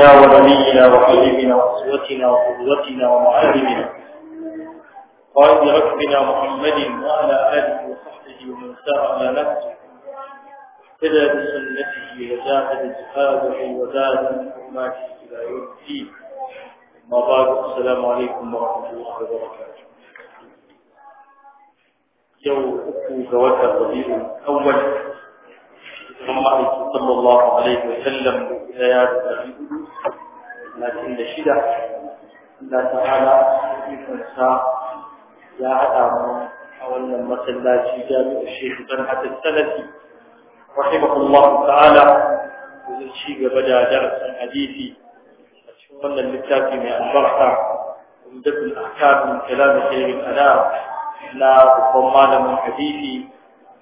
سيدنا ونبينا وحبيبنا واسوتنا وقدوتنا ومعلمنا قائد ركبنا محمد وعلى اله وصحبه ومن سار على نفسه اهتدى بسنته وزاد جهاده وزاد من حرماته الى يوم الدين اما بعد السلام عليكم ورحمه الله وبركاته يوم حكم زواج الربيع الاول الله صلى الله عليه وسلم بآيات لكن الشدة لا تعالى يفنسا لا عدام أولا لا جامع الشيخ طلحة السلفي رحمه الله تعالى وذل شيء بدأ درس حديثي أشوفنا اللتافي من البرحة ومدد الأحكام من كلام خير الأنام لا أخوان من حديثي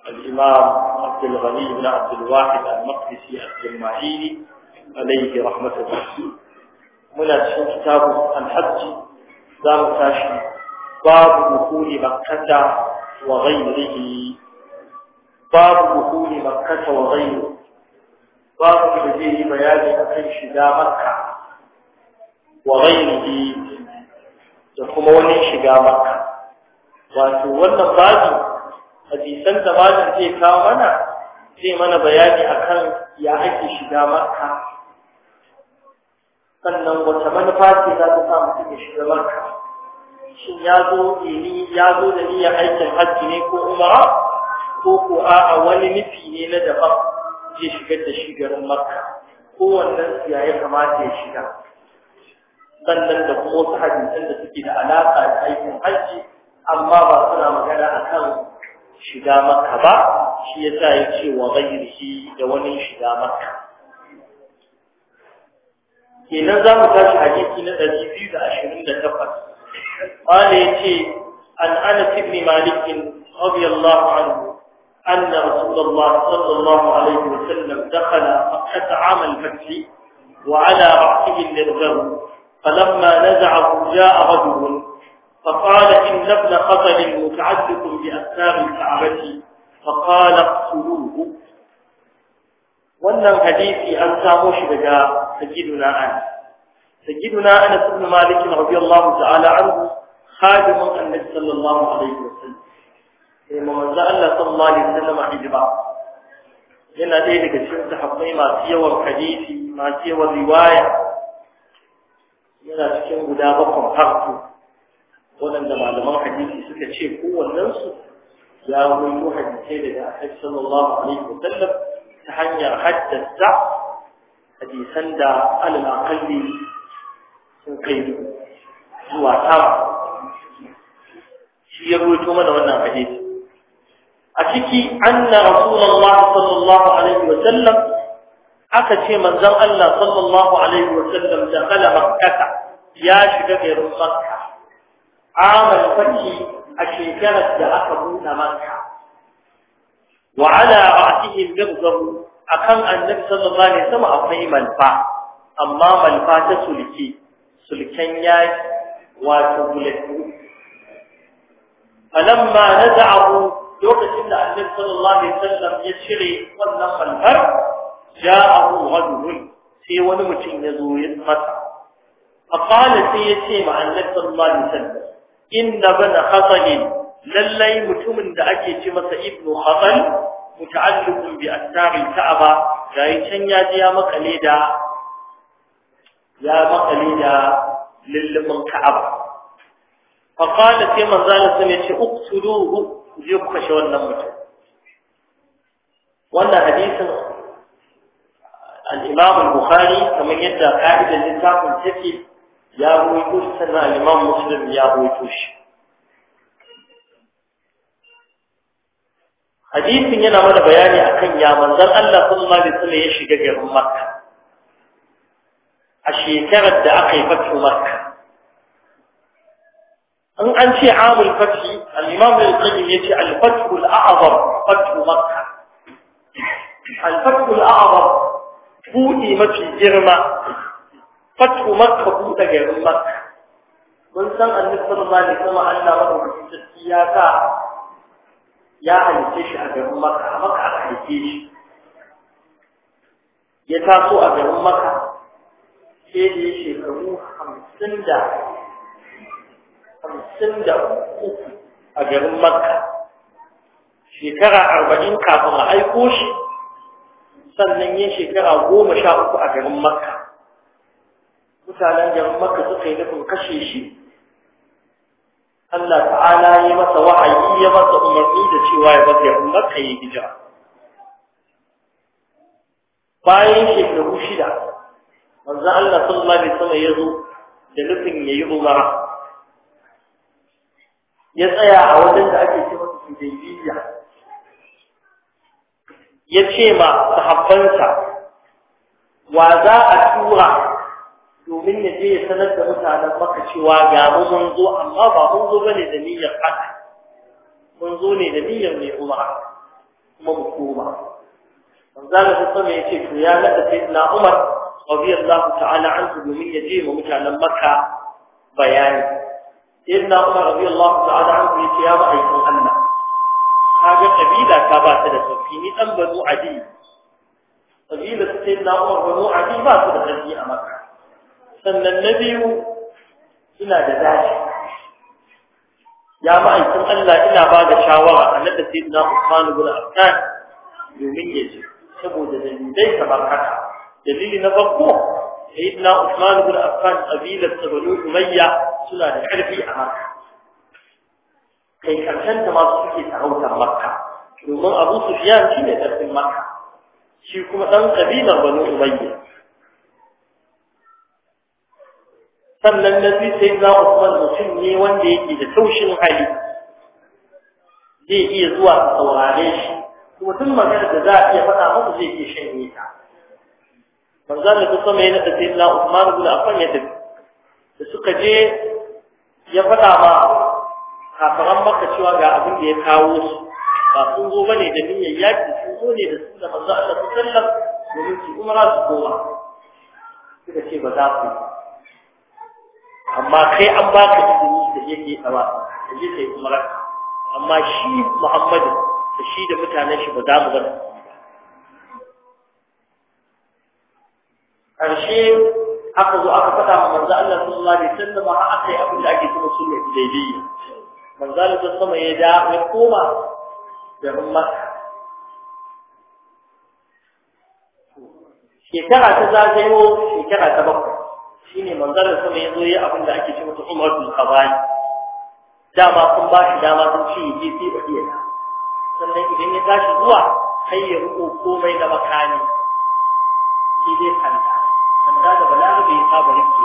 الإمام عبد الغني بن عبد الواحد المقدسي الجماعيني عليه رحمة الله من أجل كتاب الحج دار تاشي باب دخول مكة وغيره باب دخول مكة وغيره باب بذيه بيان أكل شدا مكة وغيره تقومون شدا مكة وأنت وانا بابي hadisan da malam zai kawo mana zai mana bayani akan ya ake shiga makka sannan wata manufa ce za ta sa mutum ya shiga makka shin ya zo ni ya aikin hajji ne ko umara ko ko a wani nufi ne na daban zai shigar da shi garin makka kowannen su ya kamata ya shiga sannan da kuma wasu hadisan da suke da alaƙa da aikin hajji amma ba suna magana akan shiga makka ba shi sa yake wa ghairihi da wani shiga makka kenan zamu tashi hadisi na 228 qala yace an anas ibn malik radiyallahu anhu أن رسول الله صلى الله عليه وسلم دخل مكة عام الفتح وعلى رأسه النرغم فلما نزعه جاء رجل فقال إن ابن قتل متعلق بأسنان الكعبة فقال اقتلوه wannan hadisi an samo shi daga sajiduna anas sajiduna anas ibn malik radiyallahu ta'ala anhu khadimun annabi sallallahu alaihi wasallam sai eh, manzo Allah sallallahu alaihi wasallam hijba yana ɗaya daga cikin sahabbai masu yawan hadisi masu yawan riwaya yana cikin guda bakwai Wannan da malaman hadisi suka ce ko kowannensu ya wani yi hajjice daga haifisar Allah a laifin ta hanyar hajjarsa a jisan da alamakalli sun kai zuwa tara shi ya rubuto mana wannan hajjice a ciki an na rasulun sallallahu alaihi wa sallam aka ce manzon Allah sallallahu alaihi wa sallam da kala makkata ya shiga gairun makka amal fakki a shekarar da aka buɗe maka wa ala ra'sihim ghadab akan annabi sallallahu alaihi wasallam akwai malfa amma malfa ta sulki sulken yayi wato bulatu falamma nada'u lokacin da annabi sallallahu alaihi wasallam ya cire wannan malfar ja'ahu rajulun sai wani mutum ya zo sai ya ce ma inna bana khatalin lallai mutumin da ake ce masa ibnu khatal muta'alliqun bi astaril ka'aba gai can ya ji ya makale da ya makale da lillubin ka'aba fa qala sai manzo Allah sai ya ce uqtuluhu je ku kashe wannan mutum wannan hadisin al-Imam al-Bukhari kamar yadda ka'idar littafin take ya ruwaito shi sannan al'imam muslim ya ruwaito shi hadisin yana mana bayani akan ya manzon Allah sun alaihi wasallam ya shiga garin Makka a shekarar da aka yi fatu Makka in an ce amul fati al-imam al-qayyim yace al-fatu al-a'zam fatu Makka al-fatu al mafi girma fatu makka buɗe garin makka mun san annabi sallallahu alaihi kuma Allah madaukakin sarki ya ka ya halice shi a garin makka a maka aka halice shi ya taso a garin makka ke da ya shekaru hamsin da hamsin da uku a garin makka shekara arba'in kafin a aiko shi sannan yin shekara goma sha uku a garin makka mutanen garin maka suka yi nufin kashe shi Allah ta'ala ya masa wa'ayi ya masa umarni da cewa ya bar ya maka ya hijira bayan shekaru shida manzo Allah sallallahu alaihi ya zo da nufin yayi umara ya tsaya a wajen da ake cewa Hudaybiyya ya ce ma sahabbansa wa za a tura domin ya je ya sanar da mutanen maka cewa ga mu mun zo amma ba mun zo bane da niyyar haka mun zo ne da niyyar mai umara kuma mu koma manzala ta sama ya ce to ya nada sai na umar radiyallahu ta'ala anhu domin ya je ma mutanen maka bayani sai na umar radiyallahu ta'ala anhu ya ce ya ba aikin Allah kaga kabila ka ba ta da sauki ni dan banu adi kabila sai na umar banu adi ba su da sauki a maka sannan na biyu suna da zafi ya ma'aikin Allah ina ba da shawara a nada sai na Usmanu bin Affan domin ya ce saboda dalilai kamar baka dalili na farko sayyidina Usman ibn Affan kabilar ta Banu Umayya suna da ƙarfi a Makka kai karshen masu suke sarautar Makka domin Abu Sufyan shi ne ƙarfin Makka shi kuma ɗan ƙabilar Banu Umayya sannan na fi sai a kuma mutum ne wanda yake da taushin hali zai iya zuwa su saurare shi kuma tun magana da za a iya faɗa muku zai iya shan nita manzo da kusa mai na sai na Usman ibn Affan ya tafi da suka je ya faɗa ma kafaran maka cewa ga abin da ya kawo su ba sun zo bane da niyyar yaƙi, sun zo ne da su da Allah sallallahu alaihi wasallam domin su umara su koma suka ce ba za su yi. amma kai an baka izini da yake tsawa da je kai kuma raka amma shi Muhammadu da shi da mutanen shi ba za mu ba ƙarshe aka zo aka faɗa ma manzo Allah sallallahu alaihi wasallam har aka yi abin da ake cewa sunnah hudaybiyya manzo Allah sallallahu alaihi ya da ya koma da Makka shekara ta zagayo shekara ta bakwai shine manzalar sama yazo yi abin da ake cewa Umar umratul Da dama kun ba shi dama sun ci yi sai ba iya sannan idan ya tashi zuwa kai ya ruko komai da makani shi dai kanta kanta da balaga bai saba rike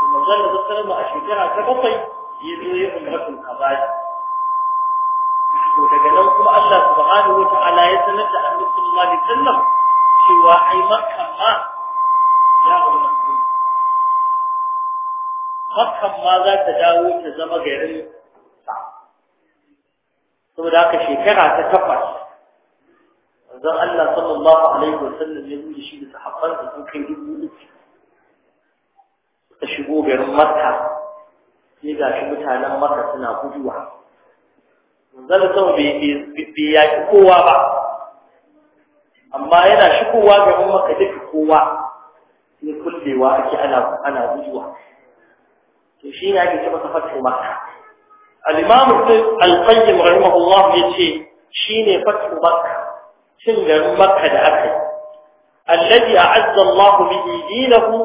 ba manzalar sallama a shekara ta bakwai yazo Umar bin qabani to daga nan kuma Allah subhanahu wa ta'ala ya sanar da Annabi sallallahu alaihi wasallam cewa ai makka ma makkan ma za ta dawo ta zama garin sa saboda haka shekara ta takwas zan Allah sallallahu alaihi wasallam ya zuwa shi da sahabban da sun kai dubu uku ta shigo garin makka sai ga shi mutanen makka suna guduwa zan sama bai yaki kowa ba amma yana shigowa garin makka duka kowa sai kullewa ake ana ana guduwa to shi ne ake ce masa fatu makka al-imam al-qayyim rahimahullah yace shine fatu makka cin garin makka da aka yi alladhi a'azza Allah bihi dinahu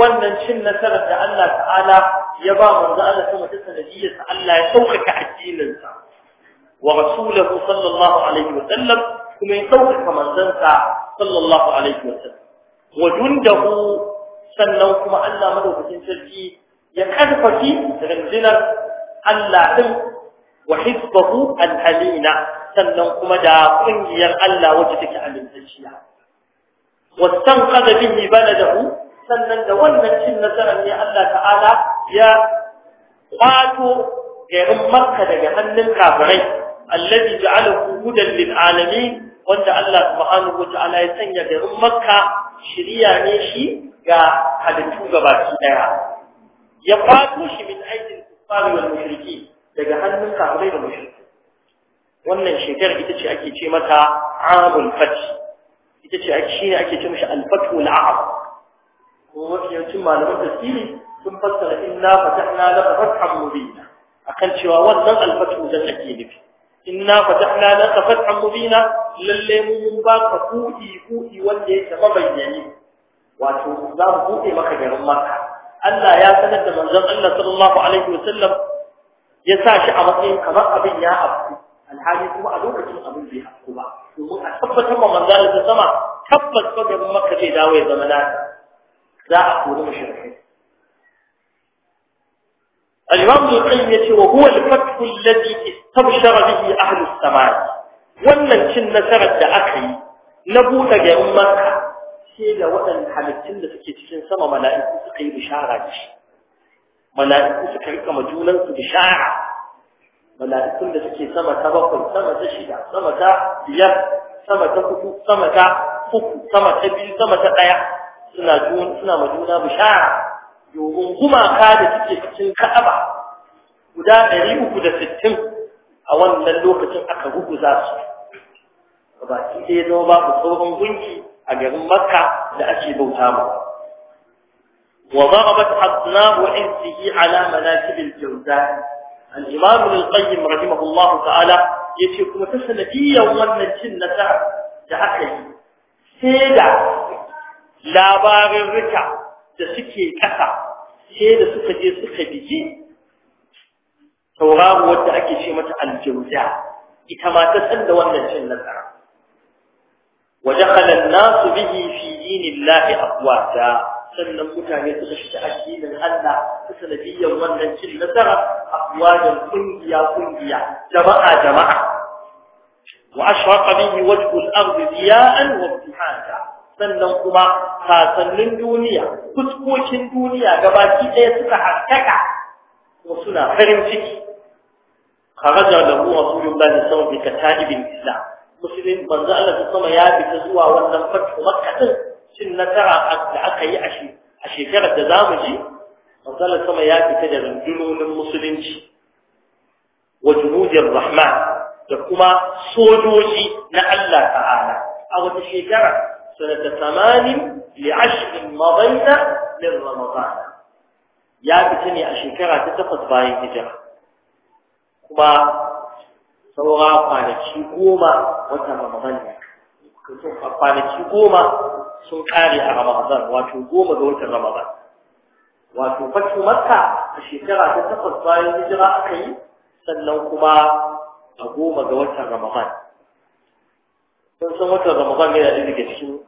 wannan cin nasarar da Allah ta'ala ya ba manzo Allah sama ta sanadiyar Allah ya sauƙaƙa addinin sa wa rasuluhu sallallahu alaihi wa sallam kuma ya sauƙaƙa manzon sa sallallahu alaihi wa sallam wa jundahu sannan kuma Allah madaukakin sarki ya karfafi rundunar Allah ɗin wa hizbahu al sannan kuma da ƙungiyar Allah wacce take amintacciya wastanqadha bihi baladahu sannan da wannan cin nasarar ne Allah ta'ala ya kwato garin Makka daga hannun kafirai alladhi ja'alahu hudan lil alamin wanda Allah subhanahu wa ta'ala ya sanya garin Makka shiriya ne shi ga halittu gabaki daya ya kwato shi min aikin kuffari wal mushriki daga hannun kafirai da mushriki wannan shekarar ita ce ake ce mata amul fath ita ce ake ne ake ce mishi al-fathul a'am ko mafiyancin malaman tafsiri sun fassara inna fatahna laka fathan mubina akan cewa wannan al-fathu dan ake nufi inna fatahna laka fathan mubina lalle mun ba ka kuɗi kuɗi wanda ya taba bayyane wato za mu buɗe maka garin maka Allah ya sanar da manzon Allah sallallahu alaihi wasallam ya sa shi a matsayin kamar abin ya afku alhali kuma a lokacin abin bai afku ba domin a tabbatar ma manzon Allah sama tabbas ko gaban Makka zai dawo ya zama lafiya za a kori mushrikai الإمام ابن القيم يقول وهو الفتح الذي استبشر به أهل السماء wannan cin nasarar da aka yi na buɗe garin Makka sai da waɗanda halittun da suke cikin sama mala'iku suka yi bishara da shi mala'iku suka rika ma junansu bishara mala'ikun da suke sama ta bakwai sama ta shida sama ta biyar sama ta hudu sama ta uku sama ta biyu sama ta ɗaya suna suna ma juna bishara domin gumaka da suke cikin ka'aba guda ɗari uku da sittin a wannan lokacin aka guguza su gabaki ɗaya zama babu tsohon gunki a garin makka da ake bauta mu وضربت أصناف عزه على مناكب الجوزاء الإمام القيم رحمه الله تعالى يشيكم تسنديا ومن جنة تحكي سيدا لا بارر ركع تسكي كثا سيدا سكي سكي بجي tauraruwar da ake ce mata aljauza ita ma ta san da wannan cin nasara ودخل الناس به في دين الله أقواتا sannan mutane suka shiga addinin Allah ta sanadiyyar wannan cin nasara akwajan kungiya kungiya jama'a jama'a wa ashraqa bihi wajhu al-ardi diya'an wa sannan kuma kasannin duniya fuskokin duniya gabaki ɗaya suka haskaka kuma suna farin ciki kharaja lahu rasulullahi sallallahu alaihi wasallam bi kata'ibin islam musulun manzo Allah sama ya fita zuwa wannan fatu makka cin nasara da aka yi a shekarar da za ji je, Allah sama ya fita da rundunonin musulunci wa junujir rahman da kuma sojoji na Allah ta'ala a wata shekara sanata da li 10 madina min ramadan ya fita ne a shekara ta takwas bayan hijira kuma saura kwanaki goma watan ramadan ne kwanaki goma sun kare a ramadan wato goma ga watan ramadan wato fatu makka a shekara ta takwas bayan hijira aka yi sannan kuma a goma ga watan ramadan sun san watan ramadan yana da daga cikin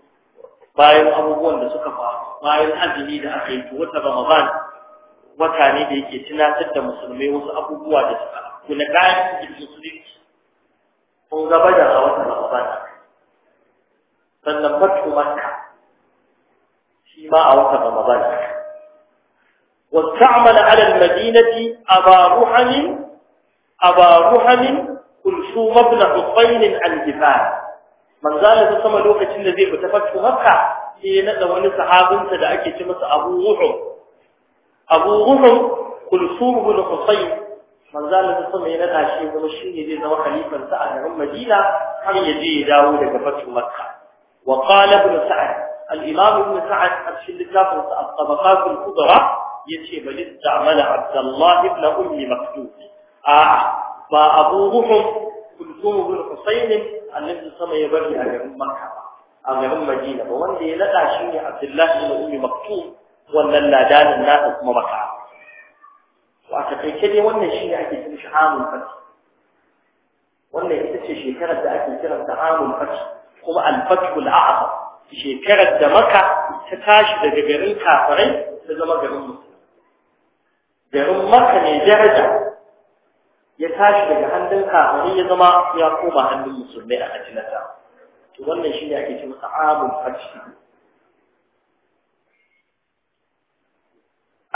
bayan abubuwan da suka faru bayan azumi da aka yi watan ramadan wata ne da yake tunatar da musulmai wasu abubuwa da suka kuna kayan musulunci kun gaba da a wata ramadana sannan fatu makka shi ma a wata ramadana واستعمل على المدينة أبا رحم أبا رحم كلثوم بن حصين الجبال من قال تسمى لوكة الذي بتفتح مكة في نقل وني صحابنت da ake ci masa Abu Ruhum Abu Ruhum Kulsum bin Husayn manzo Allah sun mai nada shi kuma shine zai zama khalifan sa a garin Madina har ya je ya dawo daga fatu Makka wa qala ibn Sa'd al-Imam ibn Sa'd a cikin littafin sa al-Tabaqat al-Kubra yace bal ista'mala Abdullah ibn Ummi Maktub a ba Abu Ruhum kulthum ibn Husayn annabi sama ya bari a garin Makka a garin Madina ba wanda ya nada shi ne Abdullah ibn Ummi Maktub wannan ladanin nasa kuma Makka a takaice dai wannan shi ne ake cin shi hamun fati wannan ita ce shekarar da ake kiran ta hamun fati kuma alfatul a'zam shekarar da maka ta tashi daga garin kafirai ta zama garin musulmi garin maka ne daraja ya tashi daga hannun kafirai ya zama ya koma hannun musulmi a ajinata wannan shi ne ake cin hamun fati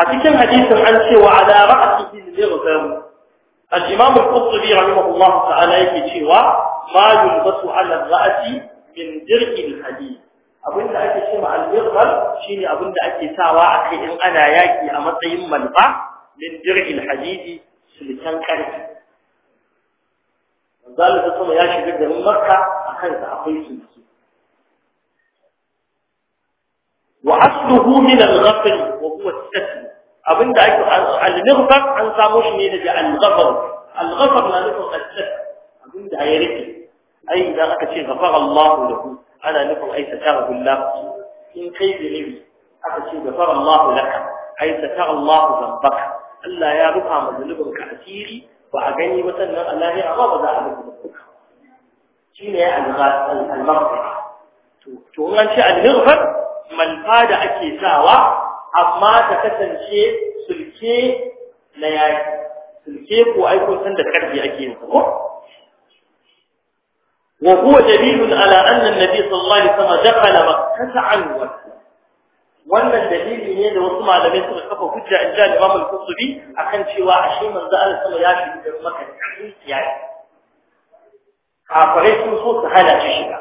a cikin hadisin an ce wa ala ra'sihi al-gham al-imam al-qurtubi rahimahullah ta'ala yake cewa ma yulbasu ala ra'si min dir'il hadid abinda ake cewa al-gham shine abinda ake sawa akai in ana yaki a matsayin malfa min dir'il hadidi sultan karfi zalika kuma ya shiga garin makka akan sa akwai sulki wa asluhu min al-ghafl wa huwa al-satr abinda ake al-nighfar an samu shi ne daga al-ghafar al-ghafar na nufin al-sir abinda ya rike ai idan aka ce ghafara Allah lahu ana nufin ai satara billah in kai da nabi aka ce ghafara Allah laka ai satara Allah zambaka Allah ya rufa ma zunubinka asiri ba a gani ba sannan a lahira ba ba za a rufe ba shi ne al-maghfara to to an ce al-nighfar malfa da ake sawa amma ta kasance sulke na yaki sulke ko aiko san da karfi ake yin ko wa huwa dalilun ala anna annabi sallallahu alaihi wasallam dakala makkah wa wannan dalili ne da wasu malamai suka kafa hujja in ja Imam al-Qurtubi akan cewa ashe manzo Allah sama ya shiga garin Makka cikin yayi kafirai sun so su hana shi shiga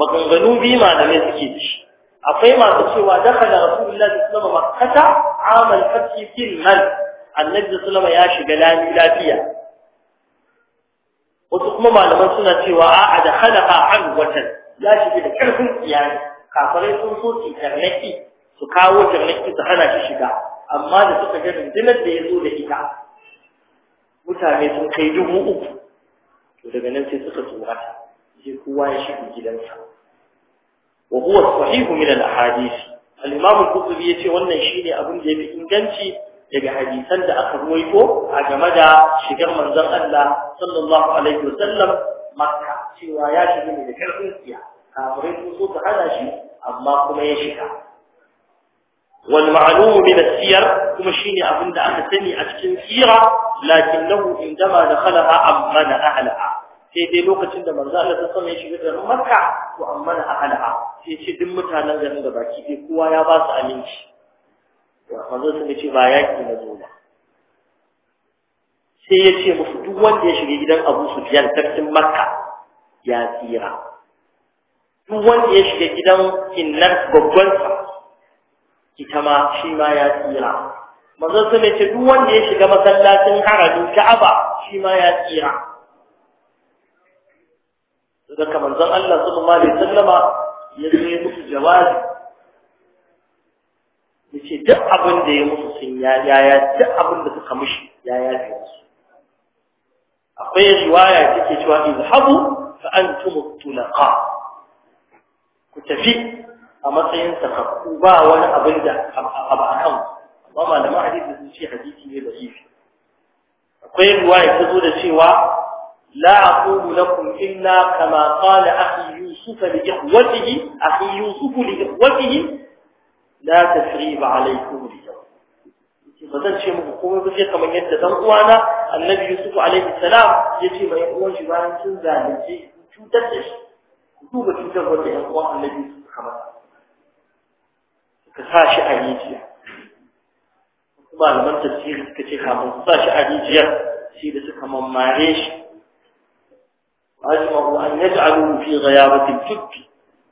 maganganu bi malamai suke da shi akwai masu cewa dakala rasulullahi da alaihi wasallam makkata amal fathi filman annabi sallallahu ya shiga lafiya wasu kuma malaman suna cewa a da khalaqa an watan ya shiga da karfin iyali kafarai sun so su tarnaki su kawo tarnaki su hana shi shiga amma da suka ga rundunar da ya zo da ita mutane sun kai dubu uku to daga nan sai suka tsorata sai kowa ya shiga gidansa wa huwa sahihu min al-ahadith al yace wannan shine abin da yafi inganci daga hadisan da aka ruwaito a game da shigar manzon Allah sallallahu alaihi wasallam makka cewa ya shiga ne da karfin siya kafirai sun so su shi amma kuma ya shiga wal ma'lum min as-siyar kuma shine abin da aka sani a cikin sira lakinnahu indama dakhalaha amana ahlaha sai dai lokacin da manzo Allah sallallahu alaihi wasallam ya shiga garin Makka to amma na ahalaha sai ce duk mutanen garin da baki sai kowa ya ba su aminci wa manzo sun ce ba ya na zo ba sai ya ce musu duk wanda ya shiga gidan Abu Sufyan sarkin Makka ya tsira duk wanda ya shiga gidan innar babban sa ita ma shi ma ya tsira manzo sun ce duk wanda ya shiga masallacin haramin Ka'aba shi ma ya tsira daga manzon Allah sallallahu alaihi sallama ya yi musu jawabi yace duk abin da ya musu sun ya ya duk abin da suka mishi ya ya musu akwai riwaya take cewa izhabu fa antum tulaqa ku tafi a matsayin sakakku ba wani abin da abu akan amma malaman hadisi sun ce hadisi ne da ifi akwai riwaya ta zo da cewa لا أقول لكم إلا كما قال أخي يوسف لإخوته أخي يوسف لإخوته لا تفريب عليكم مثلا شيء مقوم بشيء كما يتدام قوانا النبي يوسف عليه السلام يتي ما يقوم جبان سنزا لجي شو تتش كتوبة تتغوى لأخوان النبي يوسف كما كساش أليجيا كما لمن تسير كتخامن كساش أليجيا سيدة كما ماريش رجمه أن يجعلوه في غيابة الجب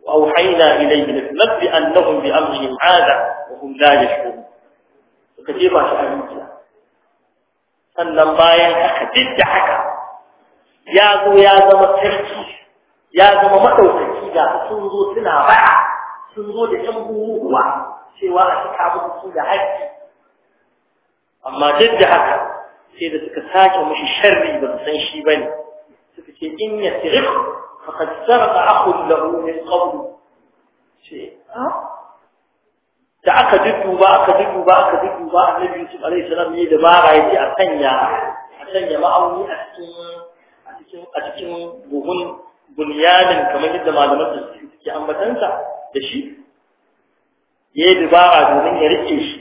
وأوحينا إليه لنبدأ أنهم بأمرهم عادة وهم لا يشعرون وكثير ما شعرون sannan bayan haka duk da haka ya zo ya zama sarki ya zama maɗaukaki da sun zo suna ba'a sun zo da ɗan buruwa cewa a cika musu da haƙƙi amma duk da haka sai da suka sake mushi sharri ba san shi ba ne suka ce in ya sirif faqad sarqa akhun lahu min qabl ce ah? da aka ba aka dudduba aka dudduba annabi Yusuf alaihi salam ne da bara yace a sanya a sanya ma'auni a cikin a cikin a cikin buhun bunyanin kamar yadda malaman da suke ambatansa da shi yayi dubara domin ya rike shi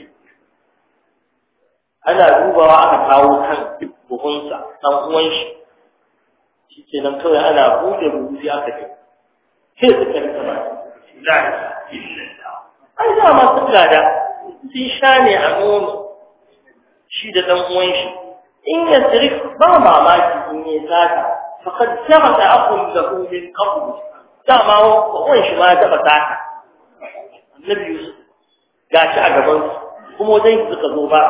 ana dubawa aka kawo kan buhunsa ɗan uwan shi shi ke nan kawai ana buɗe buhu aka ce sai su kan sama ai da su da sun sha ne a nono shi da ɗan uwan shi in ya tsiri ba mamaki in ya sata fakat sama da akun da hulun kafu dama uwan shi ma taɓa bata annabi yusuf gashi a gaban kuma wajen suka zo ba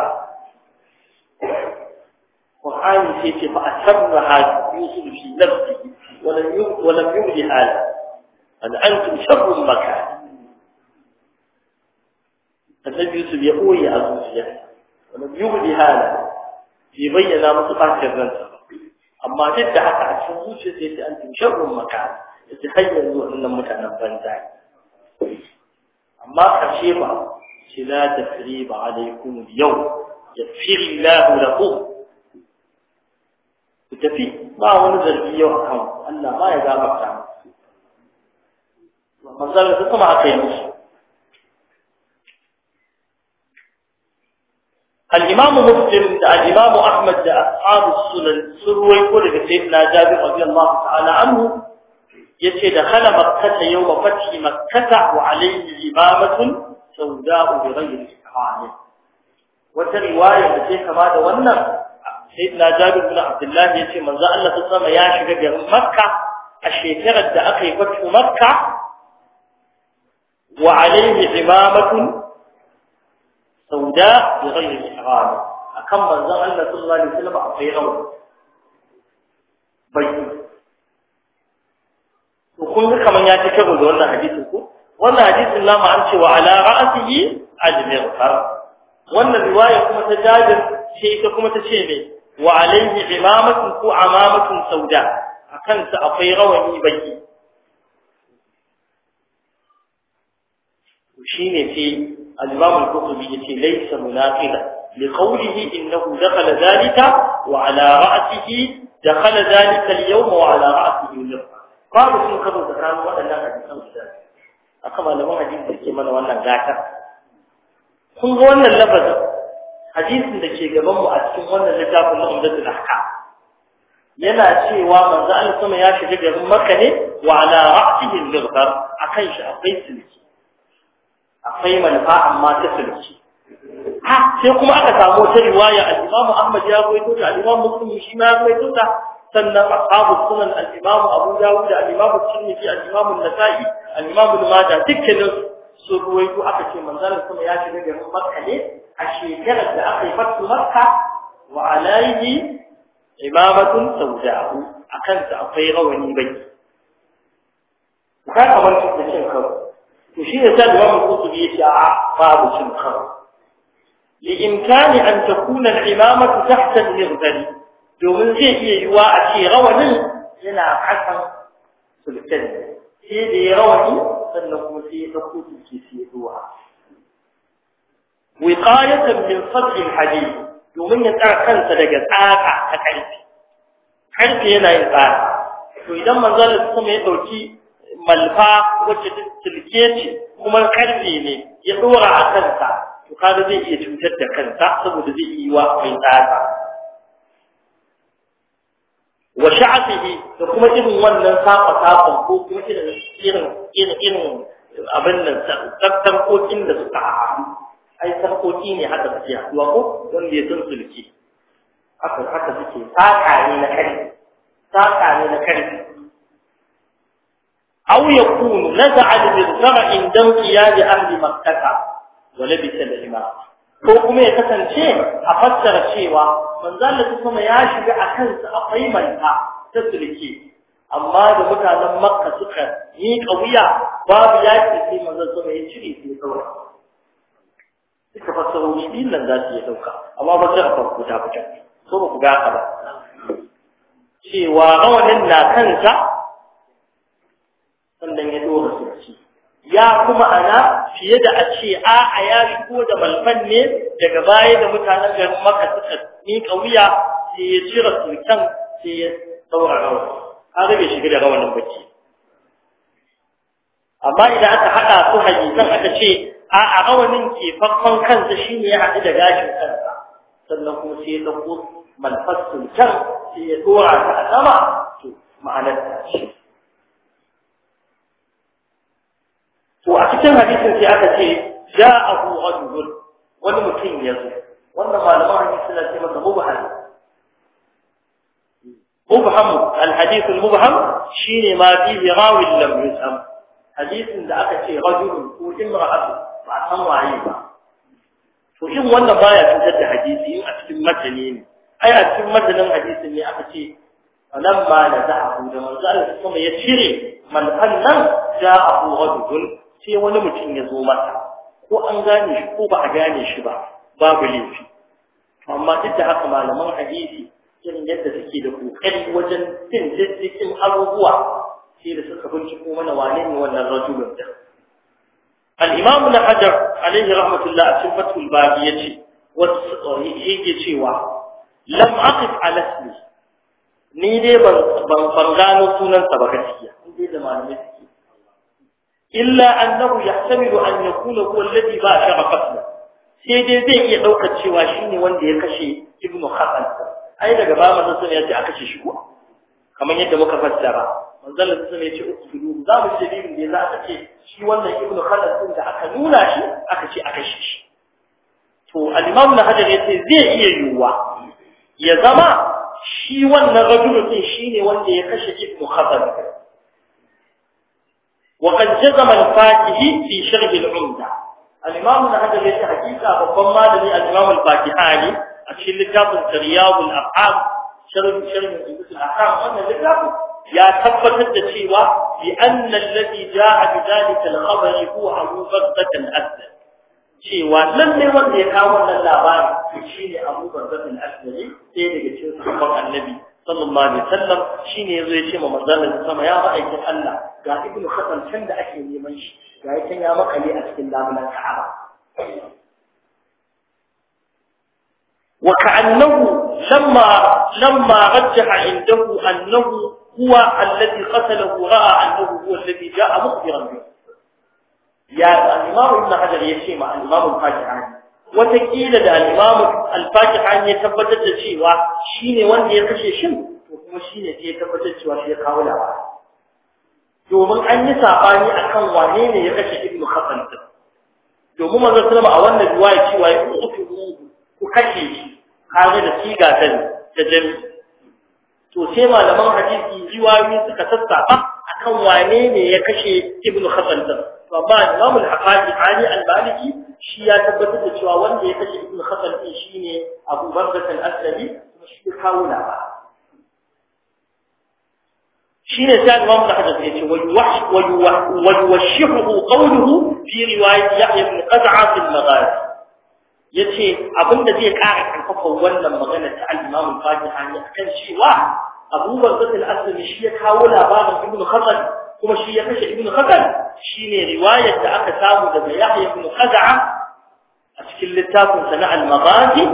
وقال أثرنا هذا يوسف في نفسه ولم يمهي هذا أن أنتم شر المكان فالنبي يوسف أبو أزوجيا ولم يمهي حالا يبين مطبع كذلك أما جد حتى عشان يوسف يقول أنتم شر المكان يتخيل أن المكان ذلك أما خشيبا سلا تفريب عليكم اليوم يفير الله لكم tafi ba wani Allah ba ya da kuma الإمام مسلم الإمام أحمد أصحاب السنن سروي كل سيدنا جابر رضي الله تعالى عنه يتي دخل مكة يوم فتح مكة وعليه إمامة سوداء بغير إكرام وتروايه riwaya da ce wannan sayyidina jabir ibn Abdullahi ya ce manzo Allah ta sama ya shiga garin makka a shekarar da aka yi fatu makka wa alaihi imamatun sauda bi ghayri A akan manzo Allah sallallahu alaihi wasallam akwai rawa bai to kun ga kaman ya wannan hadisin ko wannan hadisin an ce wa ala ra'sihi al-mirfar wannan riwaya kuma ta jabir sai ta kuma ta ce ne wa alaihi, imamatun ku amamatun sauda akan sa akwai rawani baki shine fi al-imam al-qutubi yace laysa munafiqan li qawlihi innahu dakhala dhalika wa ala ra'sihi dakhala dhalika al-yawm wa ala ra'sihi al-yawm qalu sun kazo da ran wadannan hadisan sauda akama malamin hadisi yake mana wannan gata kun ga wannan lafazin hadisin da ke gaban mu a cikin wannan littafin na umdatul ahkam yana cewa manzo Allah sama ya shiga garin Makka ne wa ala ra'sihi al-ghirbar akan shi akwai sulki akwai manfa amma ta sulki ha sai kuma aka samu ta riwaya al-Imam Ahmad ya goyo ta al-Imam Muslim shi ma ya goyo ta sannan ashabu sunan al-Imam Abu Dawud al-Imam Tirmidhi al-Imam An-Nasa'i al-Imam al Majah dukkanin sun ruwaito aka ce manzalar kuma ya shiga garin makka ne a shekarar da aka yi fatu makka wa alayhi imamatun saudahu a kansa akwai rawani baki kan amince da cin karo to shi ne sai da mu kutu bi a babu cin karo li imkani an takuna al-imamatu tahta al-mirdali domin zai iya yiwa a ce rawanin yana kasan sultani sai da ya rawani sannan kuma sai ya ɗauko tuke sai ya zuwa wiqayatan min sabbin hadid domin ya tsara kansa daga tsaka ta ƙarfi. Ƙarfi yana yin tsara, to idan manzalin kuma ya ɗauki malfa wacce ta tilke ce kuma ƙarfi ne ya ɗora a kansa to kada zai iya cutar da kansa saboda zai yi wa mai tsaka wa sha'afihi da kuma irin wannan safa safan ko kuma irin irin irin abin nan tsarkokin da suka haɗu ai tsarkoki ne haka suke haɗuwa ko wanda ya san sulki haka haka suke saƙa ne na kari. saka ne na kare aw yakunu naz'a min zar'in dam qiyad ahli makkah wa labisa al ko kuma ya kasance a fassara cewa manzan da kuma ya shiga a kansu a faimanta ta sulke amma da mutanen makka suka yi kauya, babu yaƙi sai manzan sama ya cire sai kawai suka fassarori biyun nan za su iya ɗauka amma ba sai a farko ta fita so ba ku ga ba cewa rawanin na kansa sannan ya ɗora su ya kuma ana fiye da a ce a a ya shigo da malfan ne daga baya da mutanen garin maka suka ni wuya sai ya cire sultan sai ya saura rawa an rabe shiga da rawanin baki amma idan aka haɗa su hadisan aka ce a a rawanin ke fakon kansa shine ya haɗu da gashin kansa sannan kuma sai ya ɗauko malfan sultan sai ya tsora ta a sama to ma'anar ta shi cikin hadisin sai aka ce ja'ahu rajul wani mutum ya zo wannan malaman hadisi suna ce masa mubham mubham alhadith almubham shine ma fihi rawil lam yusam hadisin da aka ce rajul ko imra'atu ba san waye ba to in wannan baya cutar da hadisi a cikin matani ne ai a cikin matanin hadisin ne aka ce lamma da za'ahu da manzo Allah kuma ya cire man nan hannan ja'ahu rajul sai wani mutum ya zo mata, ko an gane shi ko ba a gane shi ba babu laifi amma duk da haka malaman hadisi irin yadda suke da kokari wajen bin diddikin abubuwa sai da suka binciko mana wane ne wannan rajulun da al-imam na hajar alaihi rahmatullah a cikin fatul bari yace wasu yake cewa lam aqif ala ni dai ban gano sunansa ba illa annahu yahtamilu an yakuna huwa alladhi bashara qatla sai dai zai iya daukar cewa shine wanda ya kashe ibnu hasan ai daga ba manzo sun yace aka kashe shi ko kamar yadda muka fassara manzo sun yace uktulu za mu ce bibin da a ce shi wannan ibnu hasan da aka nuna shi aka ce aka kashe shi to al-imam na hajar yace zai iya yiwuwa ya zama shi wannan rajulun shine wanda ya kashe ibnu وقد جزم الفاكهي في شرح العمدة الإمام الهدى يتي حقيقة فقام مالي الإمام الفاكهاني أشيل لكاب رياض الأفعال شرح شرح مجلس الأحكام وأن لكاب يا تبت التشيوى لأن الذي جاء بذلك الخبر هو أبو بردة الأسد شيوى لم يكن يكاوى اللابان شيني أبو بردة الأسد سيدي بشيء النبي sallallahu alaihi wasallam shine yazo ya ce ma manzon sama ya ma'aikin Allah ga ibnu khatan can da ake neman shi ga yake ya makale a cikin lamunan Ka'aba wa ka'annahu lamma lamma rajjaha indahu annahu huwa alladhi qatalahu ra'a annahu huwa alladhi ja'a mukhbiran bihi ya al-imam ibn hajar yace ma al-imam al-fatihi watakila da al'imamu al-fatiha ya tabbatar da cewa shine wanda ya kashe shin to kuma shine sai ya tabbatar cewa shi ya kawo labari domin an yi sabani akan wane ne ya kashe ibnu khatan domin manzon sallama a wannan riwaya cewa ya kutu ku kashe shi kaga da siga ta da jami to sai malaman hadisi riwayoyi suka sassaba akan wane ne ya kashe ibnu khatan din to amma imamul haqani ali al-maliki shi ya tabbatar da cewa wanda ya kashe ibn khatan din shine abu barkat al-asadi shi ne kawuna ba shi ne sai Imam da yake wa yuwash wa yuwash wa yuwashihu qawluhu fi riwayat Yahya ibn Qaz'a fi abinda zai kara karfafa wannan maganar ta al-Imam al-Fatihani akan cewa Abu Bakr al-Asadi shi ya kawo labarin Ibn Khatan kuma shi ya kashe ibn khazar shine riwayar da aka samu daga yahya ibn khaz'a a cikin littafin sana al-maghazi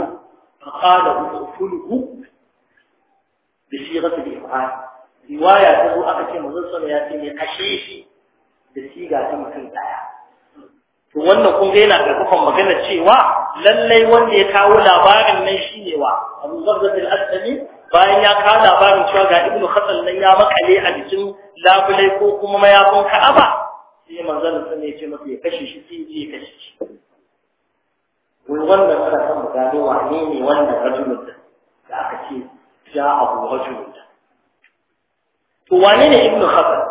fa qala usuluhu bi sighati al-if'al riwaya ta zo aka ce manzon sallallahu ya ce ne kashe shi da siga ta mutum daya to wannan kun ga yana karfafan magana cewa lallai wanda ya kawo labarin nan shine wa Abu Zarrat al-Aslami bayan ya kawo labarin cewa ga ibnu khasal nan ya makale a jikin labulai ko kuma mayafin ka'aba sai manzon sun ne ce masa ya kashe shi sai ya kashe shi wai wannan ana san mu gano wane ne wannan rajulun da da aka ce ja abu rajulun da to wane ne ibnu khasal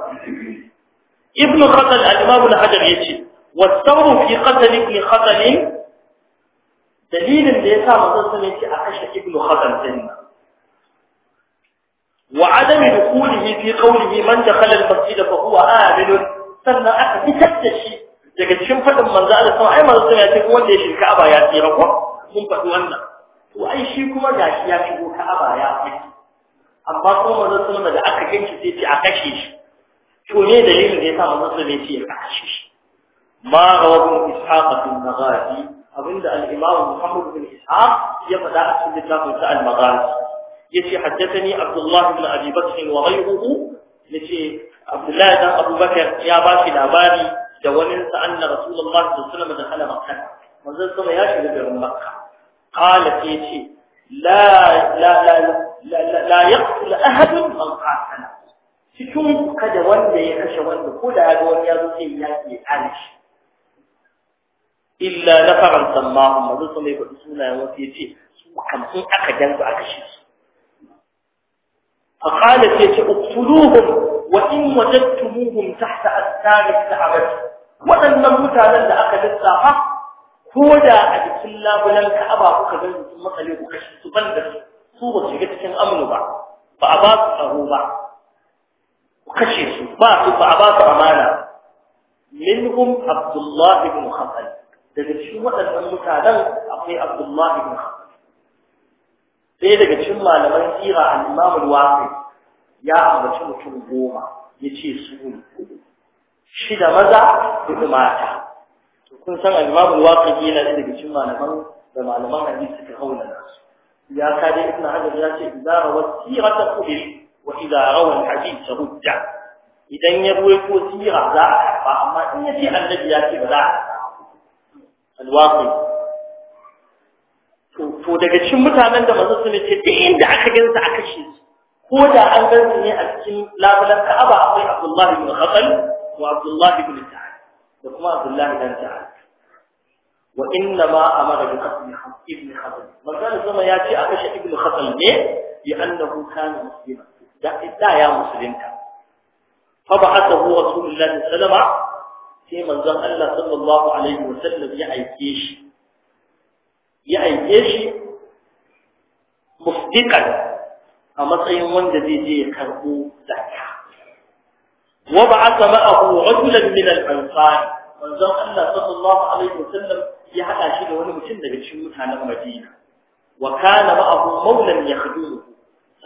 ibnu khasal al-imam al-hajar yace والثور في قتل ابن خطل دليل da yasa manzon sun ce a kashe ibnu khasal din وعدم دخوله في قوله من دخل المسجد فهو آمن سنة da شيء daga cikin fadin manza Allah sama ai manzo ya ce wanda ya shiga Ka'aba ya tsira ko mun faɗi wannan to ai shi kuma gashi ya shigo Ka'aba ya amma kuma manzo sama da aka ganci sai ce a kashe shi to ne dalilin da yasa manzo sama ya a kashe shi ma rawabun ishaq bin maghazi abinda Muhammad bin ishaq ya faɗa a cikin sa al yace haddathani Abdullah ibn Abi Bakr wa ghayruhu yace Abdullah ibn Abu Bakr ya ba shi labari da wani sa anna Rasulullah sallallahu alaihi wasallam da hala Makka manzon sama ya shiga garin Makka qala yace la la la la la yaqtul ahad man qatala cikin kada wanda ya kashe wanda ko da ya ga wani ya zo sai ya ke alishi illa nafaran sallahu manzon sama ya faɗi sunayen wasu yace su kan sun aka danzu aka shi su فقال سيك اقتلوهم وإن وجدتموهم تحت أسنان السحبة وأن متانا لأخذ الساحة هو دا أجل الله بلنك أباك بل ثم قليل وكشف تبندر صورة جهتك أمن بعض فأباك أهو بعض وكشف بعض فأباك أمانا منهم عبد الله بن خطل daga cikin waɗannan mutanen akwai Abdullahi ibn Abbas sai daga cikin malaman tsira al-imam al-waqi ya ambaci mutum goma yace su shida maza hudu mata to kun san al-imam al-waqi yana daga cikin malaman da malaman hadisi suka hauna nasu ya ka dai ibn hajar ya ce idza rawat ta qudil wa idza rawan hadith hujja idan ya ruwa ko sira za a amma in yace annabi ya ce ba za a al-waqi to daga cikin mutanen da manzo sun ce duk inda aka gansa aka kashe ko da an gansa ne a cikin labulan Ka'aba akwai Abdullah ibn Khatal wa Abdullah ibn Ta'al da kuma Abdullah ibn Ta'al wa inna ma amara bi qatl ibn Khatal manzo sama ya ce a kashe ibn Khatal ne bi annahu kana muslima da idda ya musulunta fa ba'athahu rasulullahi sallallahu alaihi wasallam sai manzon Allah sallallahu alaihi wasallam ya aike shi ya aike shi mufdiqan a matsayin wanda zai je ya karbo zakka wa ba'atha ma'ahu rajulan min al-ansar manzon Allah sallallahu alaihi wasallam ya hada shi da wani mutum daga cikin mutanen Madina wa kana ma'ahu maulan yakhduhu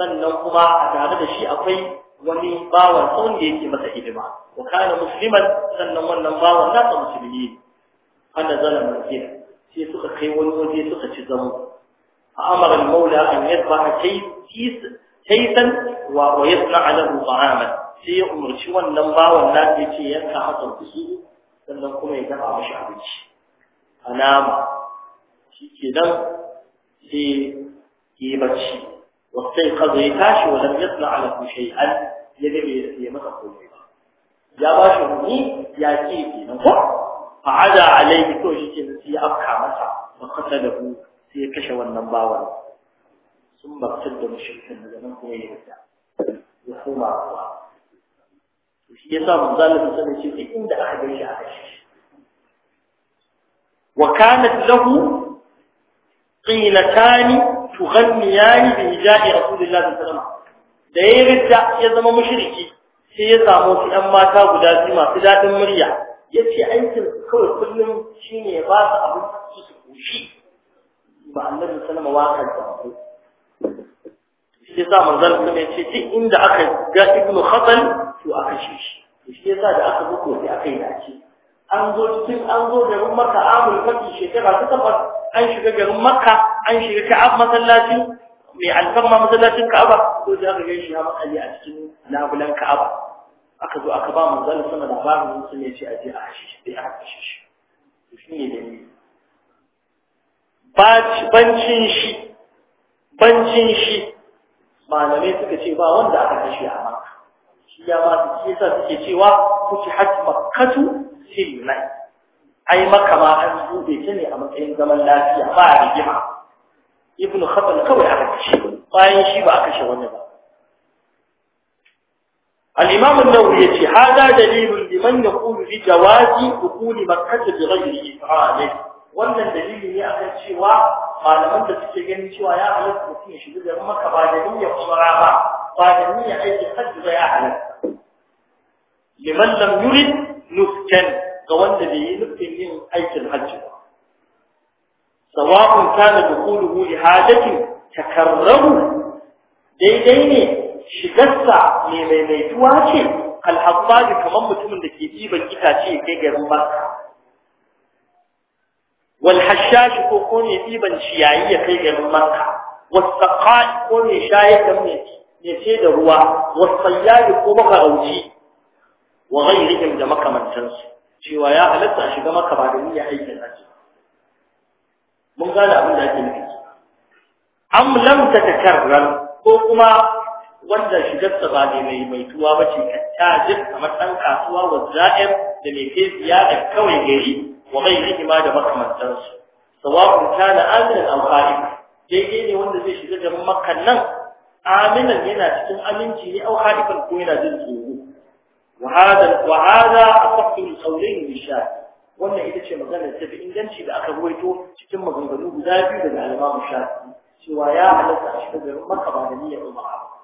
sannan kuma a tare da shi akwai wani bawan sa wanda yake masa hidima wa kana musliman sannan wannan bawan nasa musulmi ne ana zalama sai suka kai wani waje suka ci zamo فأمر المولى a يذبح شيئا ويصنع له طعاما sai ya umarci wannan bawan na ya ce yanka hakan kusu sannan kuma ya dafa mashi abinci alama shi ke sai yi bacci wasai kazo ya tashi wa lam yasna ala shay'an ya ga masa komai ba ya ba shi hukumi ya ce kenan ko fa'ada alayhi to shi ke sai ya afka masa wa qatalahu sai ya kashe wannan bawan sun baktar da mushrikin da nan kuma ya yarda ya kuma kuwa to shi yasa manzalin sai shi duk inda aka shi aka shi wa kanat lahu qilatan tughanniyan bi hijabi rasulillahi sallallahu alaihi wasallam da ya yarda ya zama mushriki sai ya samu su ɗan mata guda biyu masu daɗin murya ya ce aikin kawai kullum shi ne ba su abin su su kushi ba annabi sallama wakar da abu shi sa manzan kuma ya ce duk inda aka ga ibnu khatal to aka shi shi shi shi sa da aka zo ko sai aka yi dace an zo cikin an zo garin maka amul fati shekara ta tabbas an shiga garin maka, an shiga ka'ab masallacin mai alfarma masallacin ka'aba to za ka gaishe ya makali a cikin labulan ka'aba aka zo aka ba mu zan sama da babu mutum ya ce a je a kashe shi aka kashe shi to shi ne shi bancin shi malamai suka ce ba wanda aka kashe a maka ya ma su ce sa suke cewa kuci hajji makatu silmai ai maka ma an zube ta ne a matsayin zaman lafiya ba a rigima ibnu khatal kawai aka kashe bayan shi ba a kashe wani ba الإمام النووي يتي هذا دليل لمن يقول في جواز دخول مكة بغير إفعال wannan dalili ne akan cewa malaman da suke ganin cewa ya halatta mutum ya shiga garin maka ba da niyyar umara ba ba da niyyar aiki har ba ya halatta liman lam yurid nuftan, ga wanda bai yi nufin yin aikin hajji ba sawa'un kana dukhuluhu ihadatin takarrabu daidai ne shigarsa mai maimaituwa ce alhabbabi kamar mutumin da ke ɗiban itace ya kai garin makka Walhashashi ko ko mai ɗiban ciyayi ya kai garin makka wasaqai ko mai shayar da mai ce da ruwa wasayyari ko makarauci wa ghairihim da makamantansu cewa ya halatta a shiga maka ba da aiki aikin haji mun gane abin da ake nufi am lam tatakarrar ko kuma wanda shigarsa ba ne mai mai tuwa ba ce tajir kamar ɗan kasuwa wa za'ir da mai kai ziyara kawai gari wa mai rihima da makamantarsu sawa'un kana aminan alfa'ika daidai ne wanda zai shiga garin nan aminan yana cikin aminci ne au ha'ifan ko yana jin tsoro wa hada wa hada asahhu qawlayn bisha wannan ita ce maganar ta fi inganci da aka ruwaito cikin maganganu guda biyu daga al Shafi cewa ya halatta a shiga garin Makka ba da niyyar umara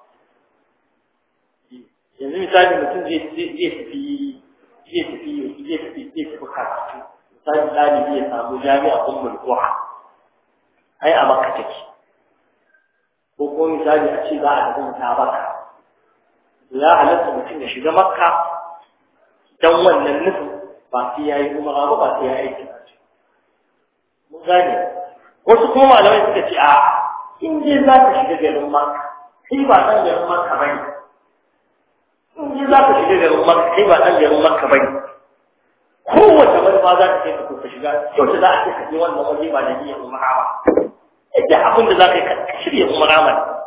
yanzu misali mutum zai zai tafi zai tafi zai tafi zai tafi karatu misali ɗalibi ya samu jami'a ummul qura ai a maka take ko ko misali a ce za a tafi mutabaka ya halatta mutum ya shiga makka don wannan nufin ba sai ya yi kuma ba ba sai yayi aiki mun gane wasu kuma malamai suka ce a in dai za ka shiga garin makka kai ba san garin makka ne. in za ka shiga garin maka kai ba ɗan garin maka ba ne kowace manufa za ta kai ka kuka shiga kyauta za a ce ka je wannan waje ba da niyyar umara ba yadda abin da za ka yi ka shirya umara mana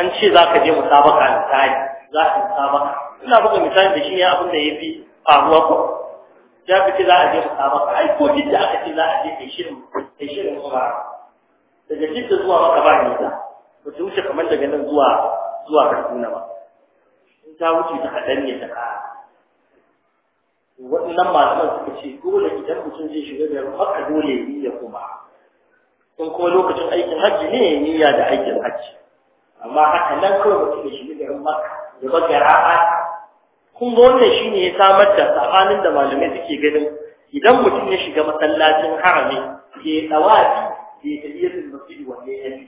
an ce za ka je musabaka misali za ka musabaka ina buga misali da shi ne abin da ya fi faruwa ko ya fi ce za a je musabaka ai ko duk da aka ce za a je kai shirin kai shirin umara daga jidda zuwa maka ba nisa ba su wuce kamar daga nan zuwa zuwa kaduna ba ta wuce ta kaɗan ne ta Wannan waɗannan malaman suka ce dole idan mutum zai shiga da maka dole ya kuma in kuma lokacin aikin hajji ne niyya da aikin hajji amma haka nan kawai mutum ya shiga da maka ya ba gara'a kun ga wannan shine ya samar da sabanin da malamai suke ganin idan mutum ya shiga masallacin harami ke dawafi ke tafiyatul masjid wanne ya yi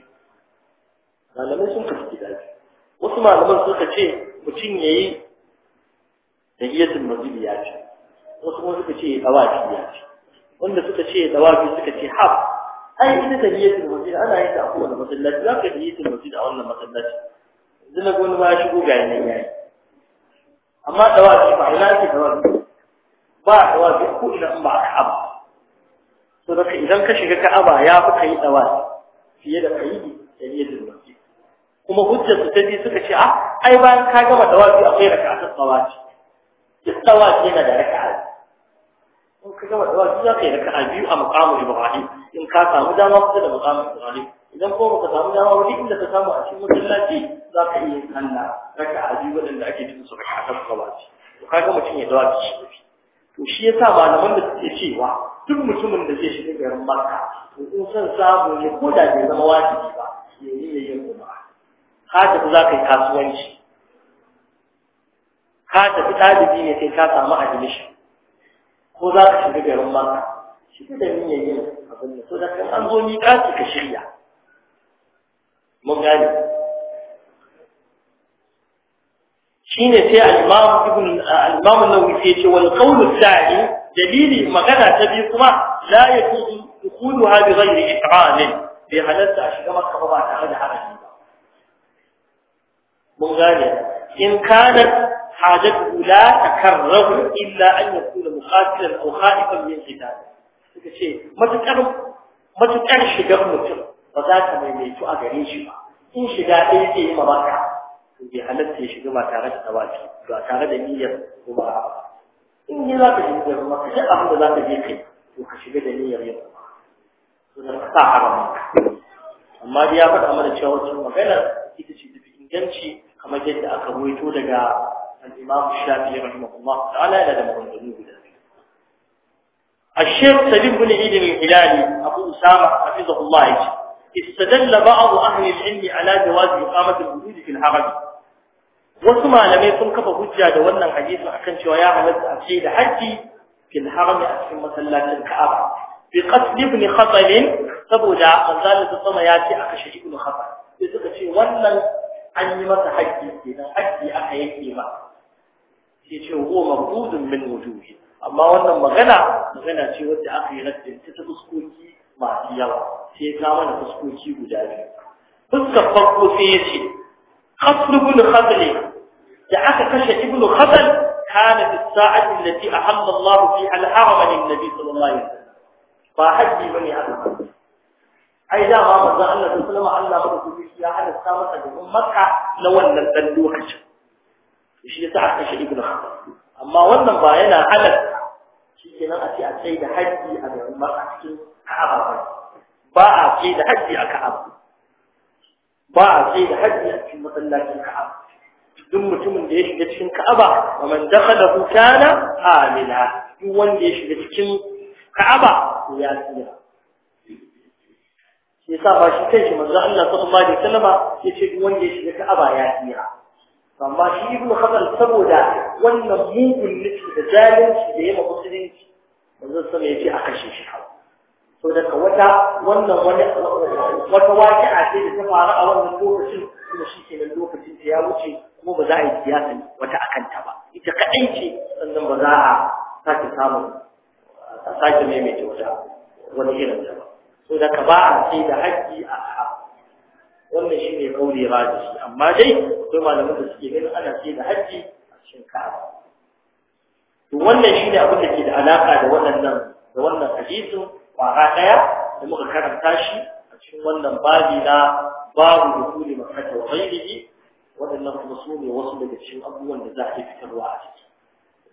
malamai sun kasu gidaje wasu malaman suka ce mutum ya yi da hiyatin mazili ya ce wasu kuma suka ce dawafi ya ce wanda suka ce dawafi suka ce haf ai ita ta hiyatin mazili ana yin ta a kowane masallaci za ka hiyatin mazili a wannan masallaci yanzu na gwani ma ya shigo ga yanayi ya yi amma dawafi ba ina ce dawafi ba dawafi ko ina in ba a ka'aba so da idan ka shiga ka'aba ya fi ka yi dawafi fiye da ka yi da hiyatin kuma hujjar su ta bi suka ce a ah, ai bayan ka gama tawafi akwai raka raka'atun tawafi wace yana da raka'a in ka gama da za ka yi a biyu a muqamul ibrahim in ka samu dama kusa da muqamul ibrahim idan ko baka samu dama wani inda ka samu a cikin masallaci za ka iya sallah a biyu da ake cikin su raka'atun tawafi to kaga mutum ya tawafi shi to shi yasa malaman da suke cewa duk mutumin da zai shiga garin Makka to in san samu ne ko da bai zama wajibi ba yayi yayin kuma ka tafi za ka yi kasuwanci ka tafi ɗalibi ne sai ka samu admission ko za ka shiga garin maka shi da niyyar yin abin da so da kan an zo ni ka ka shirya mun gane shine sai al nan ibn al-imam nawawi sai ce wal qawl al dalili magana ta biyu kuma la yajuzu dukhuluha bi ghayri it'am bi halatta a shiga makka ba tare da haraji mun gane in kana hajatu la takarrahu illa an yakuna muqatilan aw khaifan min qital suka ce matukar matukar shigar mutum ba za ta maimaitu a gare shi ba in shiga ɗaya ke yi ma baka to bai halatta ya shiga ba tare da tawafi ba tare da niyyar ko ba in ne za ka shiga da ruwa ka ji abin da za ka je kai to ka shiga da niyyar yin ruwa to da ka sa haram amma dai ya faɗa mana cewa wacce magana ita ce tafi inganci kamar yadda aka ruwaito daga al-Imam Shafi'i rahimahullah ta'ala da da mun dubi da shi Al-Sheikh Salim bin Eid al-Hilali Abu Usama hafizahullah yace istadalla ba'd ahli al-ilm ala jawaz iqamat al-wujud fi al-haram wasu malamai sun kafa hujja da wannan hadisi akan cewa ya halatta a da hajji fi al a cikin masallacin Ka'aba bi qatl ibn saboda manzo da sama ya ce a shi ibn khatab sai suka ce wannan an yi masa haƙƙi kenan haƙƙi aka yanke ba sai ce huwa mabudun min wujuhi amma wannan magana magana ce wadda aka yi raddin ta ta fuskoki masu yawa sai ta mana fuskoki guda biyu fuskar farko sai ya ce qatl ibn khazli da aka kashe ibn khazl kana fi sa'ati allati ahalla Allah fi al-haram lin-nabi sallallahu alaihi wasallam ba haƙƙi bane aka ai da ma manzon Allah sallallahu alaihi Allah ba ku ya halatta masa da makka na wannan dan lokacin shi yasa aka shi ibnu khattab amma wannan ba yana halatta shi kenan a ce a tsaye da haji a garin makka cikin ka'aba ba ba a ce da haji a ka'aba ba a ce da haji a cikin masallacin ka'aba duk mutumin da ya shiga cikin ka'aba wa man dakhalahu kana Amina duk wanda ya shiga cikin ka'aba ya tsira ya sa ba shi kanshi manzo Allah sallallahu alaihi wasallam ya ce duk wanda ya shiga aba ya tsira amma shi ibn Khaldun saboda wannan mugun nufi da zalunci da yayin musulunci manzo sallallahu ya ce a kashe shi so daga wata wannan wani wata a ce da ta faru a wannan lokacin kuma shi ke nan lokacin da ya wuce kuma ba za a yi siyasan wata akan ta ba ita kaɗai ce sannan ba za a sake samun a sake maimaita wata wani irin ta ba so da ka ba a sai da haƙƙi a wannan shi ne kauli raji amma dai akwai malaman da suke ganin ana sai da haƙƙi a cikin ka'aba to wannan shi ne abin da ke da alaƙa da waɗannan da wannan hadisin ƙwara ɗaya da muka karanta shi a cikin wannan babi na babu da dukuli makata wa ghairihi waɗannan kuma su ne wasu daga cikin abubuwan da za a yi fitarwa a ciki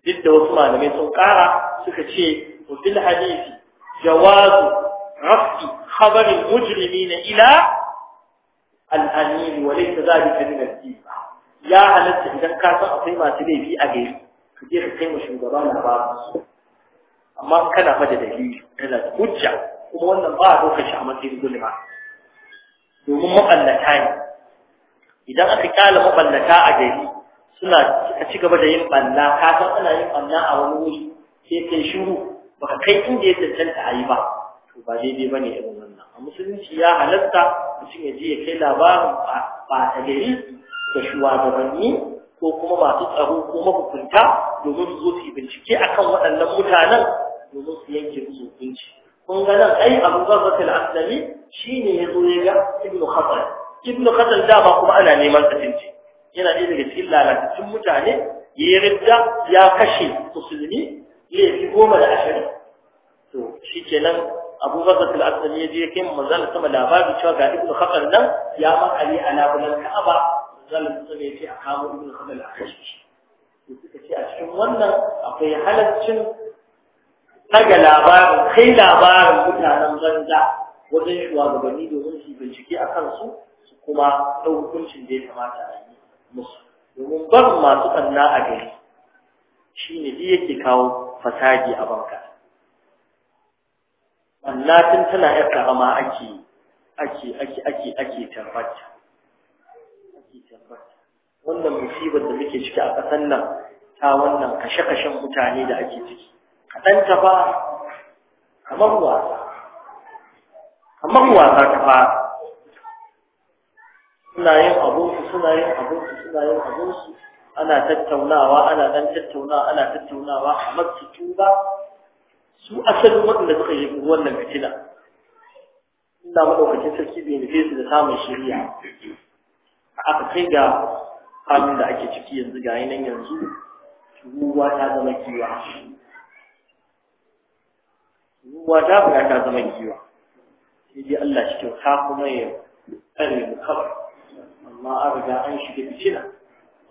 duk da wasu malamai sun ƙara suka ce wa fil hadisi jawazu رفع خبر المجرمين إلى الأمين وليس ذلك من الدين يا هلت إذا كانت أطيما تليبي أجيب كثير قيمة شمدران الرابط أما كان مدى دليل كانت حجة kuma wannan ba a ɗaukar shi a matsayin gulma domin maɓallata ne idan aka kyala maɓallata a gari suna a ci gaba da yin ɓanna ka san ana yin ɓanna a wani wuri sai kai shiru ba ka kai inda ya cancanta a yi ba to ba daidai ba ne irin wannan a musulunci ya halatta mutum ya je ya kai labarin ba a gari da shugabanni ko kuma masu tsaro ko mahukunta domin su zo su yi bincike akan waɗannan mutanen domin su yanke musu hukunci kun ga nan ai abu zarrat al shi shine ya zo ya ga ibnu khatal ibnu khatal da ba kuma ana neman tsafinci yana ɗaya daga cikin lalatattun mutane ya yi ridda ya kashe musulmi laifi goma da ashirin to shi kenan Abu Bakar al-Asadi ya je kai manzal sama labari cewa ga Ibn Khaldun nan ya makale a labulan Ka'aba zalin sun ya ce a kamo Ibn Khaldun a suka ce a cikin wannan akwai halaccin daga labarin kai labarin mutanen banza wajen shugabanni domin su bincike a kansu su kuma ɗau hukuncin da ya kamata a yi musu domin barin masu kanna a gari shi ne yake kawo fasadi a banka annatin tana yar karama ake ake ake ake ake tarbata ake tarbata wannan musibar da muke ciki a ƙasar nan ta wannan kashe-kashen mutane da ake ciki kaɗan ta ba kamar wasa kamar wasa ta ba suna yin abunsu suna yin abunsu suna yin abunsu ana tattaunawa ana dan tattaunawa ana tattaunawa a masu tuba su asalin waɗanda suka yi wannan fitila Allah maɗaukacin sarki bai nufe su da samun shirya a aka kai ga halin da ake ciki yanzu ga nan yanzu ruwa ta zama kiwa ruwa ta buga ta zama kiwa sai dai Allah shi kyauta kuma ya tsare mu kawai amma an riga an shiga fitila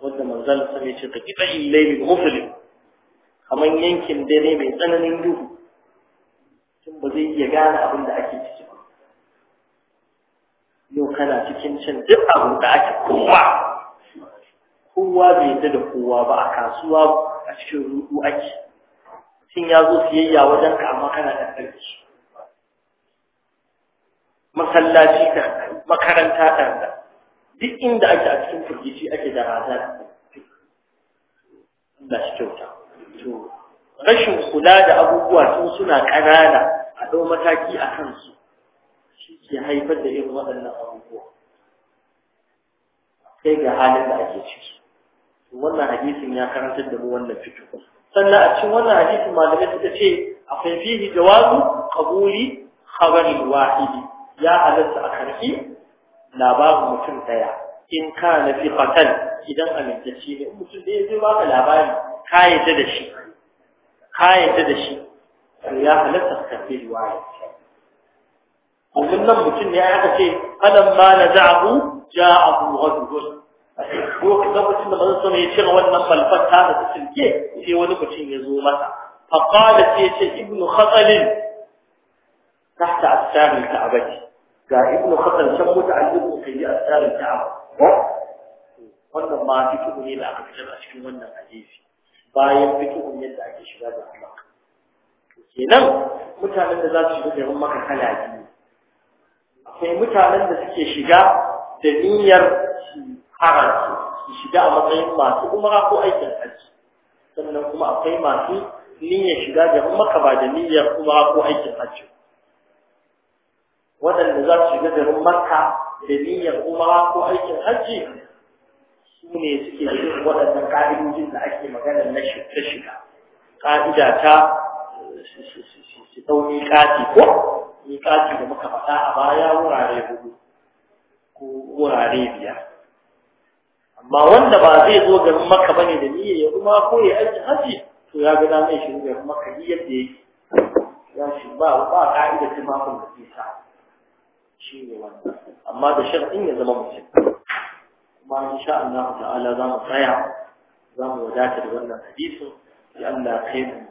wanda manzon sai ya ce ka kiɗa illahi muflim kamar yankin dare mai tsananin duhu mutum ba zai iya gane abin da ake ciki ba yau kana cikin cin duk abin da ake kowa kowa bai yadda da kowa ba a kasuwa a cikin rudu ake mutum ya zo siyayya wajen ka amma kana da ƙarfi masallaci ka makaranta ɗan duk inda ake a cikin firgici ake da razana da shi kyauta to rashin kula da abubuwa sun suna ƙanana a ɗau mataki a kansu shi ke haifar da irin waɗannan abubuwa kai ga halin da ake ciki wannan hadisin ya karantar da mu wannan fito sannan a cikin wannan hadisin malamai suka ce akwai fihi jawazu qabuli khabari wahidi ya halatta a karfi labarin mutum ɗaya. in ka na fi fatan idan amintacce ne mutum da ya zai baka labari ka yadda da shi ka yadda da shi الرياح لا تختفي الواحد ومنهم mutum ne aka ce alam ma naza'u ja'ahu ghadbun ko kaga mutum da manzo ne ya cire wannan falfata da silke sai wani mutum ya zo masa fa qala sai ce ibnu khatal tahta astar al-ka'bah ga ibnu khatal can muta'alliqu fi astar al-ka'bah wannan ma fitu ne da aka fitar a cikin wannan hadisi bayan fitu ne da ake shiga da Allah kenan mutanen da za su shiga garin maka kala biyu akwai mutanen da suke shiga da niyyar haramci su shiga a matsayin masu umara ko aikin hajji sannan kuma akwai masu niyyar shiga garin maka ba da niyyar umara ko aikin hajji waɗanda za su shiga garin maka da niyyar umara ko aikin hajji su ne suke shiga waɗannan ƙa'idojin da ake magana na shiga ƙa'ida ta su ɗau miƙati ko miƙati da muka faɗa a baya wurare hudu ko wurare biya? amma wanda ba zai zo garin maka bane da niyyar ya kuma ko ya aiki haji to ya ga dama shi ne garin maka ni yadda yake ya shi ba ba ka'ida ta makon da zai sa shi ne wannan amma da sharɗin ya zama mutum kuma insha Allah ta'ala za mu tsaya za mu wadata da wannan hadisin ya Allah kai mu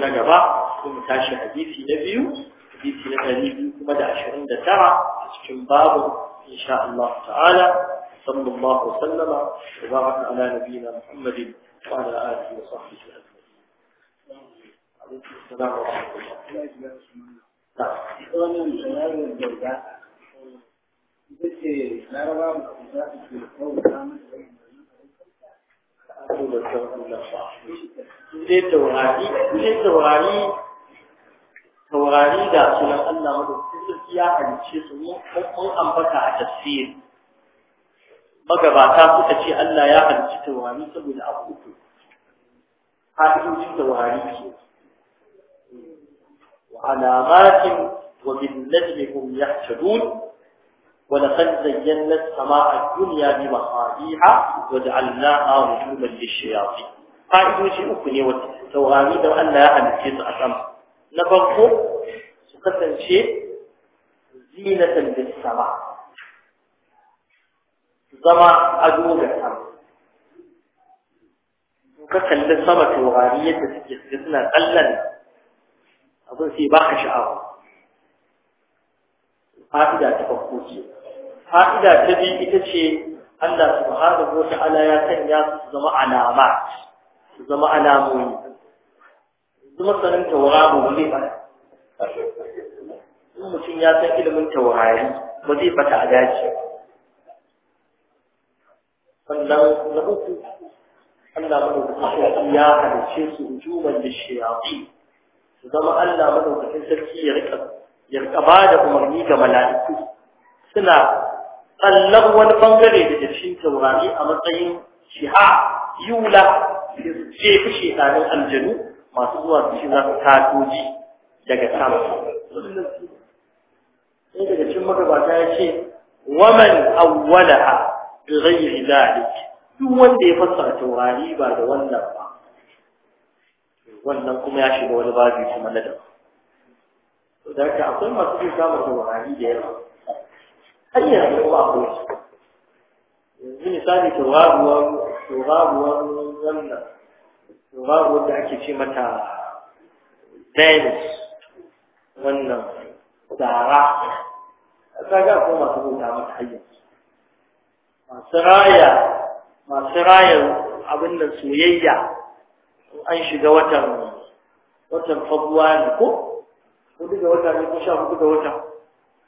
na gaba kuma tashi hadisi na biyu hadisi na ɗari biyu kuma da ashirin da tara a cikin babu insha Allah ta'ala sallallahu alaihi da wa baraka ala nabiyina Muhammadin wa ala alihi wa sahbihi ajma'in. sai taurari sai taurari taurari da sunan Allah madaukakin ya halice su mun mun ambata a tafsiri magabata suka ce Allah ya halice taurari saboda abu uku fa'idojin taurari ke wa alamatin wa bin najmi hum yahtadun ولقد زينا السماء الدنيا بمصابيح وجعلناها رجوما للشياطين قاعده شيء اخرى وتوغامي لو ان لا امسك اسم نفقه سكتن شيء زينة للسماء زما ادوب السماء وكتل السماء توغامية تسجدنا قلا أظن في باحش أو قاعدة تفقه fa'ida ta biyu ita ce Allah subhanahu wa ta'ala ya sanya su zama alama su zama alamomi zama sanin tauraro ne ba in mutum ya san ilimin taurari ba zai fata a daji sannan na uku Allah madaukakin sarki ya halice su hujuman da shayafi su zama Allah madaukakin sarki ya rika ba da umarni ga mala'iku suna tsallar wani bangare daga cikin taurari a matsayin shiha yula ce fi shekarun aljanu masu zuwa su shi za su katoji daga sama sai daga cikin magabata ya ce waman awwalaha bi ghairi dhalik duk wanda ya fassara taurari ba da wannan ba wannan kuma ya shiga wani babi kuma na daban to da haka akwai masu jin samun taurari da yawa har yanzu yanzu misali tauraruwar tauraruwar da ake ce mata dance wannan tsara ta ga ko masu mata masu raya masu raya abin da soyayya an shiga watan watan fabuwa ne ko ko duka wata ne ko sha hudu da wata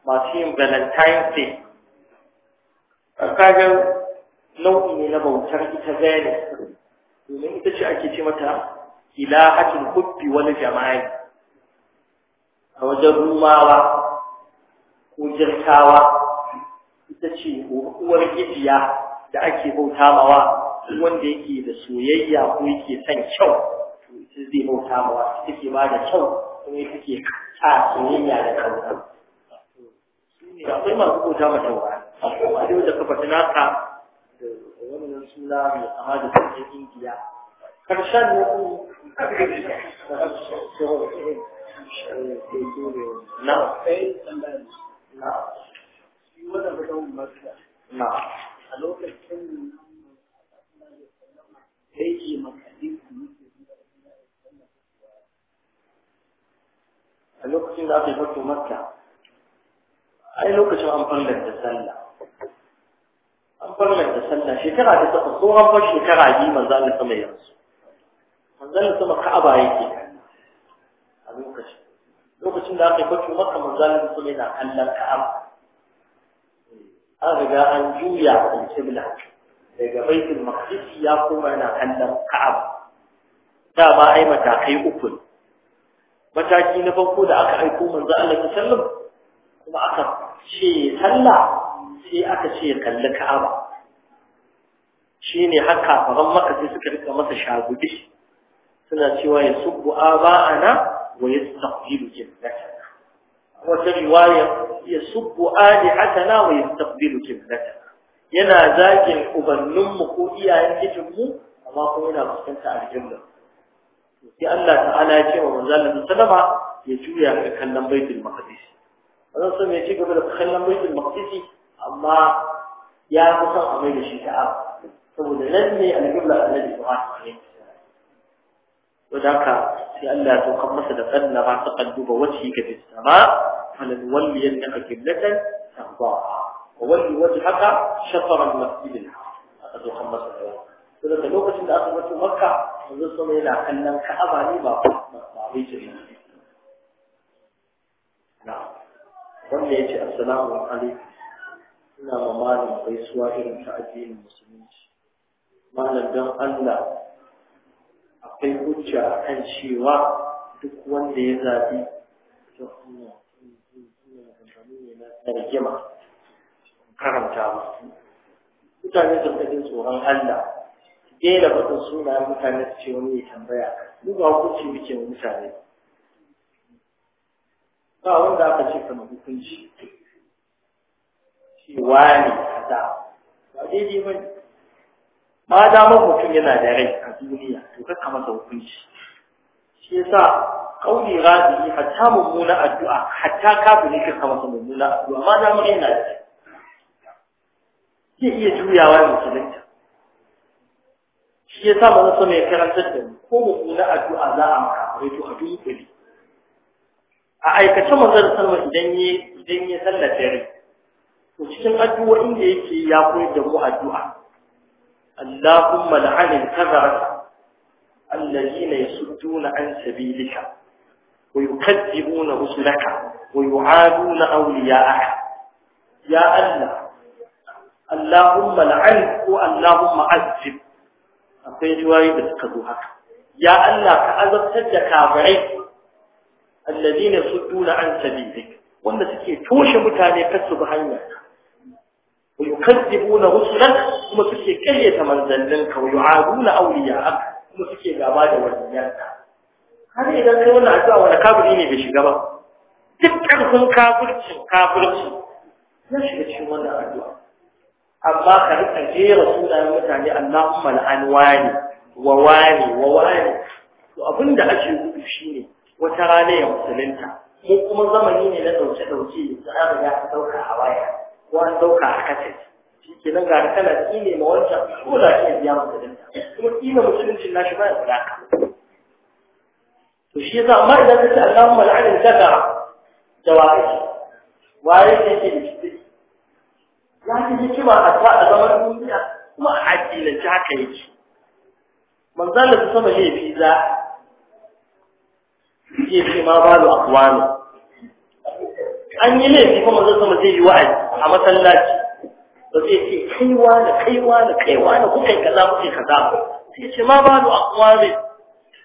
masu yin valentine day kaga nau'i ne na bautar ita zane domin ita ce ake ce mata hakin hubbi wani jama'i a wajen rumawa ko jirkawa ita ce uwar gidiya da ake bauta mawa wanda yake da soyayya ko yake son kyau to ita zai bauta mawa ita ke ba da kyau kuma ita ke sa soyayya da kansa akwai masu bauta ma taurari a da kafa tunaka da wani nan suna mai kama da sarkin indiya karshen ne na na a lokacin a lokacin da fato ai lokacin an da sallah an da sallah shekara ta takwas tsohon bar shekara biyu manzo Allah sama ya rasu manzo Allah sama ka'aba yake a lokacin lokacin da aka yi kwato maka manzo Allah sama yana kallon ka'aba an riga an juya al kibla daga baitul maqdis ya koma yana kallon ka'aba da ba ai matakai uku mataki na farko da aka aiko manzo Allah sallallahu alaihi wasallam kuma aka ce sallah sai aka ce ya kalli ka'aba shi ne haka faran makasai suka rika masa shagudi suna cewa ya subbu aba'ana wa yastaqbilu jannatana wata riwaya ya ne alihatana wa yastaqbilu jannatana yana zagin ubanninmu ko iyayen kijinmu amma kuma yana fuskanta aljanna sai Allah ta'ala ya ce wa manzo Allah sallama ya juya ga kallon baitul maqdis wannan sun ya ci gaba da kallon baitul maqdisi amma ya fi son a mai da shi ka'aba saboda nan ne alƙibla annabi Ibrahim alaihi salam wajen sai Allah ya kan masa da kanna ba ta kalluba wacce ka fi sama falan walliyan naka kiblatan tahdaha wa walli wajhaka shatr al-masjid al-haram to kan masa da wannan da lokacin da aka mutu makka yanzu sun yana kallon ka'aba ne ba ba wai ce ne na'am wanda ya ce assalamu alaikum ina ma malam gaisuwa irin ta addinin musulunci malam don Allah akwai hujja kan cewa duk wanda ya zabi to ne na rigima karanta mutane sun kaji tsoron Allah su daina batun suna mutane su ce wani ya tambaya duk ba hukunci muke mutane ba wanda aka ce kama hukunci Shi ne kaza ba daidai ba ne ma damar mutum yana da rai a duniya to kakka masa hukunci shi yasa kauli radi hatta mummuna addu'a hatta ka kakka masa mummuna addu'a ma damar yana da rai zai iya juyawa da musulunta shi yasa ba so mai karantar da mu ko mummuna addu'a za a maka to a dunkule a aikace manzon sallallahu idan yi idan yi sallar dare to cikin addu'a inda yake ya koyar da mu addu'a Allahumma la'an al-kadhara alladhina yasudduna an sabilika wa yukadzibuna rusulaka wa yu'aduna awliya'aka ya Allah Allahumma la'an ko Allahumma azib akwai riwayoyi da suka zo haka ya Allah ka azabtar da kafirai su yasudduna an sabilik wanda suke toshe mutane kasu bi hanya wa na rusulak kuma suke kayyata manzanninka wa yu'aduna awliya'ak kuma suke gaba da waliyanka har idan kai wannan addu'a wani kafiri ne bai shiga ba duk karfin kafircin kafirci ya shiga cikin wannan addu'a amma ka rika jera sunayen mutane Allahumma la'an wani wa wani wa wani to abinda ake gudu shine wata rana ya musulunta ko kuma zamani ne na dauke-dauke da aka ga ya dauka a waya ko an dauka a kace shi ke nan gari kana kine ma wancan ko da shi biya musulunta kuma musulunci musuluncin shi ba ya wulaka to shi yasa amma idan ka ce Allahumma al'anin daga jawabi waye ne ke da ya ce hikima a ta a zaman duniya kuma a addinin ta haka yake manzon da sama ne fi za suke ce ma ba da akwano an yi laifi kuma zai sama zai yi wa'azi a masallaci ba zai ce kaiwa da kaiwa da kaiwa da kuka yi kaza kuka yi kaza sai ce ma ba da akwano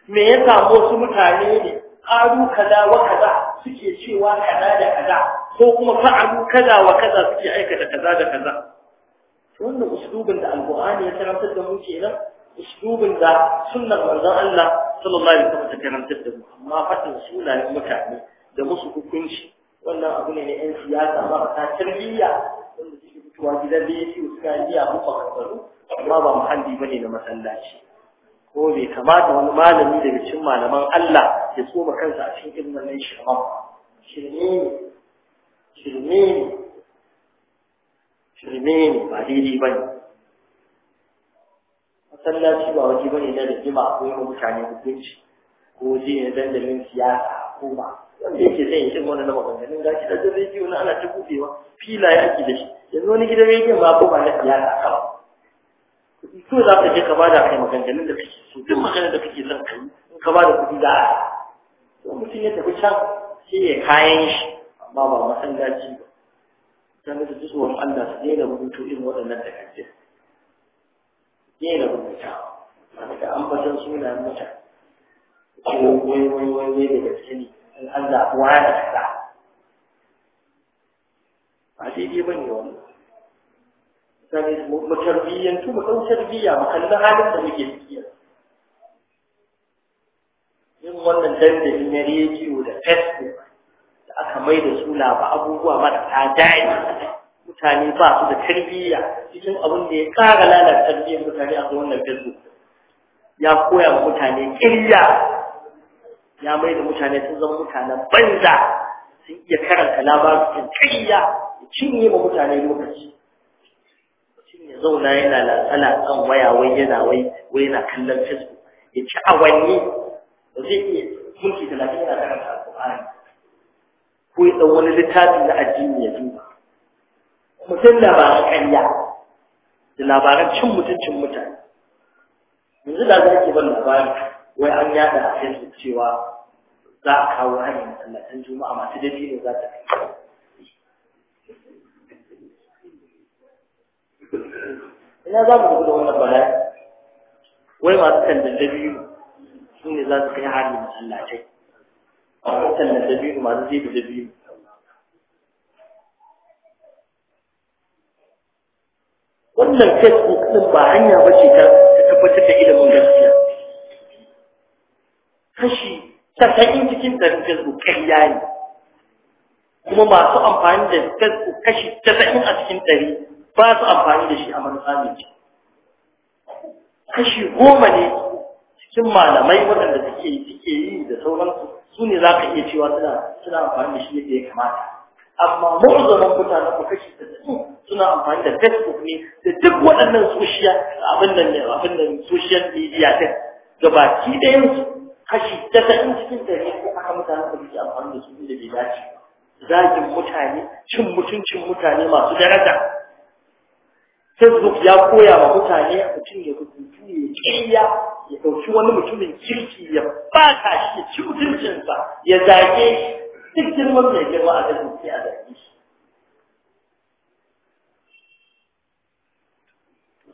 me ya samu wasu mutane ne karu kaza wa kaza suke cewa kaza da kaza ko kuma fa'alu kaza wa kaza suke aikata kaza da kaza wannan usulubin da alqur'ani ya karantar da mu kenan uslubin da sunnar manzon Allah sallallahu alaihi wasallam ta karanta da mu amma fatan sunayen mutane da musu hukunci wannan abu ne na yan siyasa ba ta tarbiyya wanda suke fitowa gidan da yake suka yi abu ba karbaru amma ba muhalli ne na masallaci ko bai kamata wani malami daga cikin malaman Allah ya tsoma kansa a cikin irin wannan shirman shirme ne shirme ne shirme ne ba daidai bane masallaci ba waje bane na rigima ko yawan mutane hukunci ko je ne dandalin siyasa ko ba wanda yake zai yi irin wannan maganganun gashi da zai rediyo wani ana ta buɗewa filaye ake da shi yanzu wani gidan rediyo ma ko ba na siyasa kawa. so za ka je ka bada kai maganganun da kake so duk maganar da kake son kai in ka bada kuɗi za a to mutum ya tafi can sai ya kayan shi amma ba masallaci ba sai da wani Allah su daina rubutu irin waɗannan takardun daina rubutawa da ambatan sunayen mutane ko wai wai wai wai da gaske ne in an zaɓi wani kaza ba daidai ba ne wannan sani mu tarbiyyantu mu ɗau tarbiyya mu kalli halin da muke ciki yin wannan dandali na rediyo da facebook da aka mai da su laba abubuwa marasa daɗi mutane ba su da tarbiyya cikin abin da ya ƙara lalata tarbiyyar mutane a nan facebook ya koya wa mutane kirya ya mai da mutane sun zama mutanen banza sun iya karanta labarin kirya ya cinye wa mutane lokaci mutum ya zauna yana latsala kan waya wai yana wai wai yana kallon facebook ya ci awanni ba zai iya minti talatin yana karanta alƙur'ani ko ya ɗan wani littafin na addini ya duba mutum labaran ƙarya da labaran cin mutuncin mutane yanzu da za ke ban labarin wai an yada a facebook cewa za a kawo hanyar masallatan juma'a masu dafi ne za ta kai ina za mu da wannan bala wai masu da dabiyu su ne za su kai hanyar masallatai a kan da dabiyu masu zai da dabiyu wannan facebook din ba hanya ba ce ta tabbatar da ilimin gaskiya kashi tasa'in cikin ɗarin facebook ƙarya ne kuma masu amfani da facebook kashi tasa'in a cikin ɗari ba su amfani da shi a manufa mai kashi goma ne cikin malamai waɗanda suke yi da sauransu su ne za ka iya cewa suna amfani da shi yadda ya kamata amma mu'azzaman mutane mu kashi da suna amfani da facebook ne da duk waɗannan social abin nan ne abin nan social media din gabaki ɗayan su kashi tasa'in cikin ɗari ko aka mutane da suke amfani da su da bai dace zagin mutane cin mutuncin mutane masu daraja facebook ya koya wa mutane mutum ya rubutu ya kiyya ya ɗauki wani mutumin kirki ya bata shi ya ci mutuncinsa ya zage shi duk girman mai girma a gajin sai a zargi shi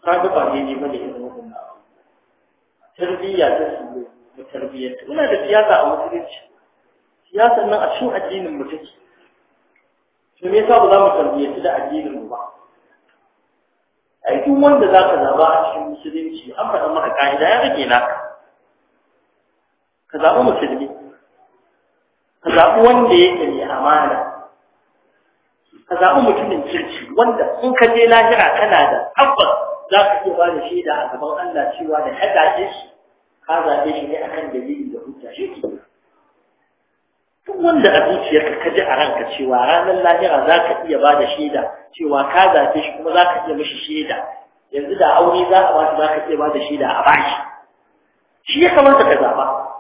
kaga ba daidai ba ne irin wannan tarbiyya ta su mu tarbiyyanta muna da siyasa a musulunci siyasar nan a cikin addinin mu take to me yasa ba za mu tarbiyyanci da addinin mu ba ai duk wanda za ka zaba a cikin musulunci an faɗa maka ka'ida ya rage naka ka zaba musulmi ka zaɓi wanda yake mai amana ka zaɓi mutumin kirki wanda in ka je lahira kana da tabbas za ka iya ba da shaida a gaban Allah cewa da ka zaɓe shi ka zaɓe shi ne akan dalili da hujja shi ke duk wanda a zuciyarka ka ji a ranka cewa ranar lahira za ka iya ba da shaida cewa ka zaɓe shi kuma za ka iya mishi shaida yanzu da aure za a ba shi za ka iya ba da shaida a bashi shi ya kamata ka zaɓa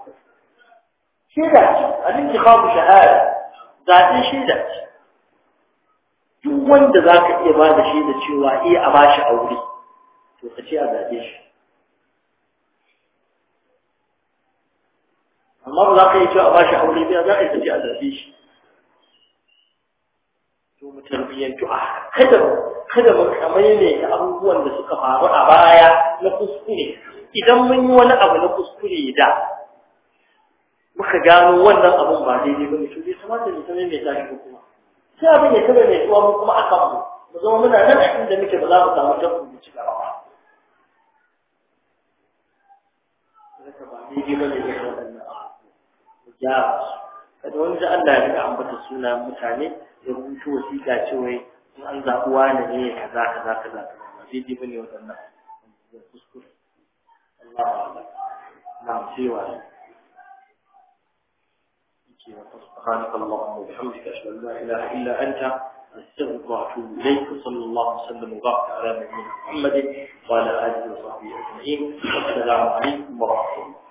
shaida ce al-intikhabu shahada zaɓe shaida ce duk wanda za ka iya ba da shaida cewa iya eh, a bashi aure to ka ce a zaɓe shi amma ba za ka yi cewa a bashi aure biya za ka yi a zaɓe shi to mu tarbiyyantu a kada kada mu kamai ne abubuwan da suka faru a baya na kuskure idan mun yi wani abu na kuskure da muka gano wannan abun ba daidai ba ne to bai kamata mu sanar mai tashi ko kuma sai abin ya kaba mai tsuwa kuma aka mu mu zama muna nan a inda muke ba za mu samu tabbun mu ci gaba ba zaka ba daidai ba ne da waɗannan mu gyara su kada wani da Allah ya rika ambata suna mutane ya rubuta wasiƙa cewa in an zaɓi wani ne kaza kaza kaza kaza ba daidai ba ne waɗannan kuskure Allah ba Allah na cewa سبحانك اللهم وبحمدك اشهد ان لا اله الا انت استغفرك واتوب اليك صلى الله وسلم وبارك على نبينا محمد وعلى اله وصحبه اجمعين السلام عليكم ورحمه الله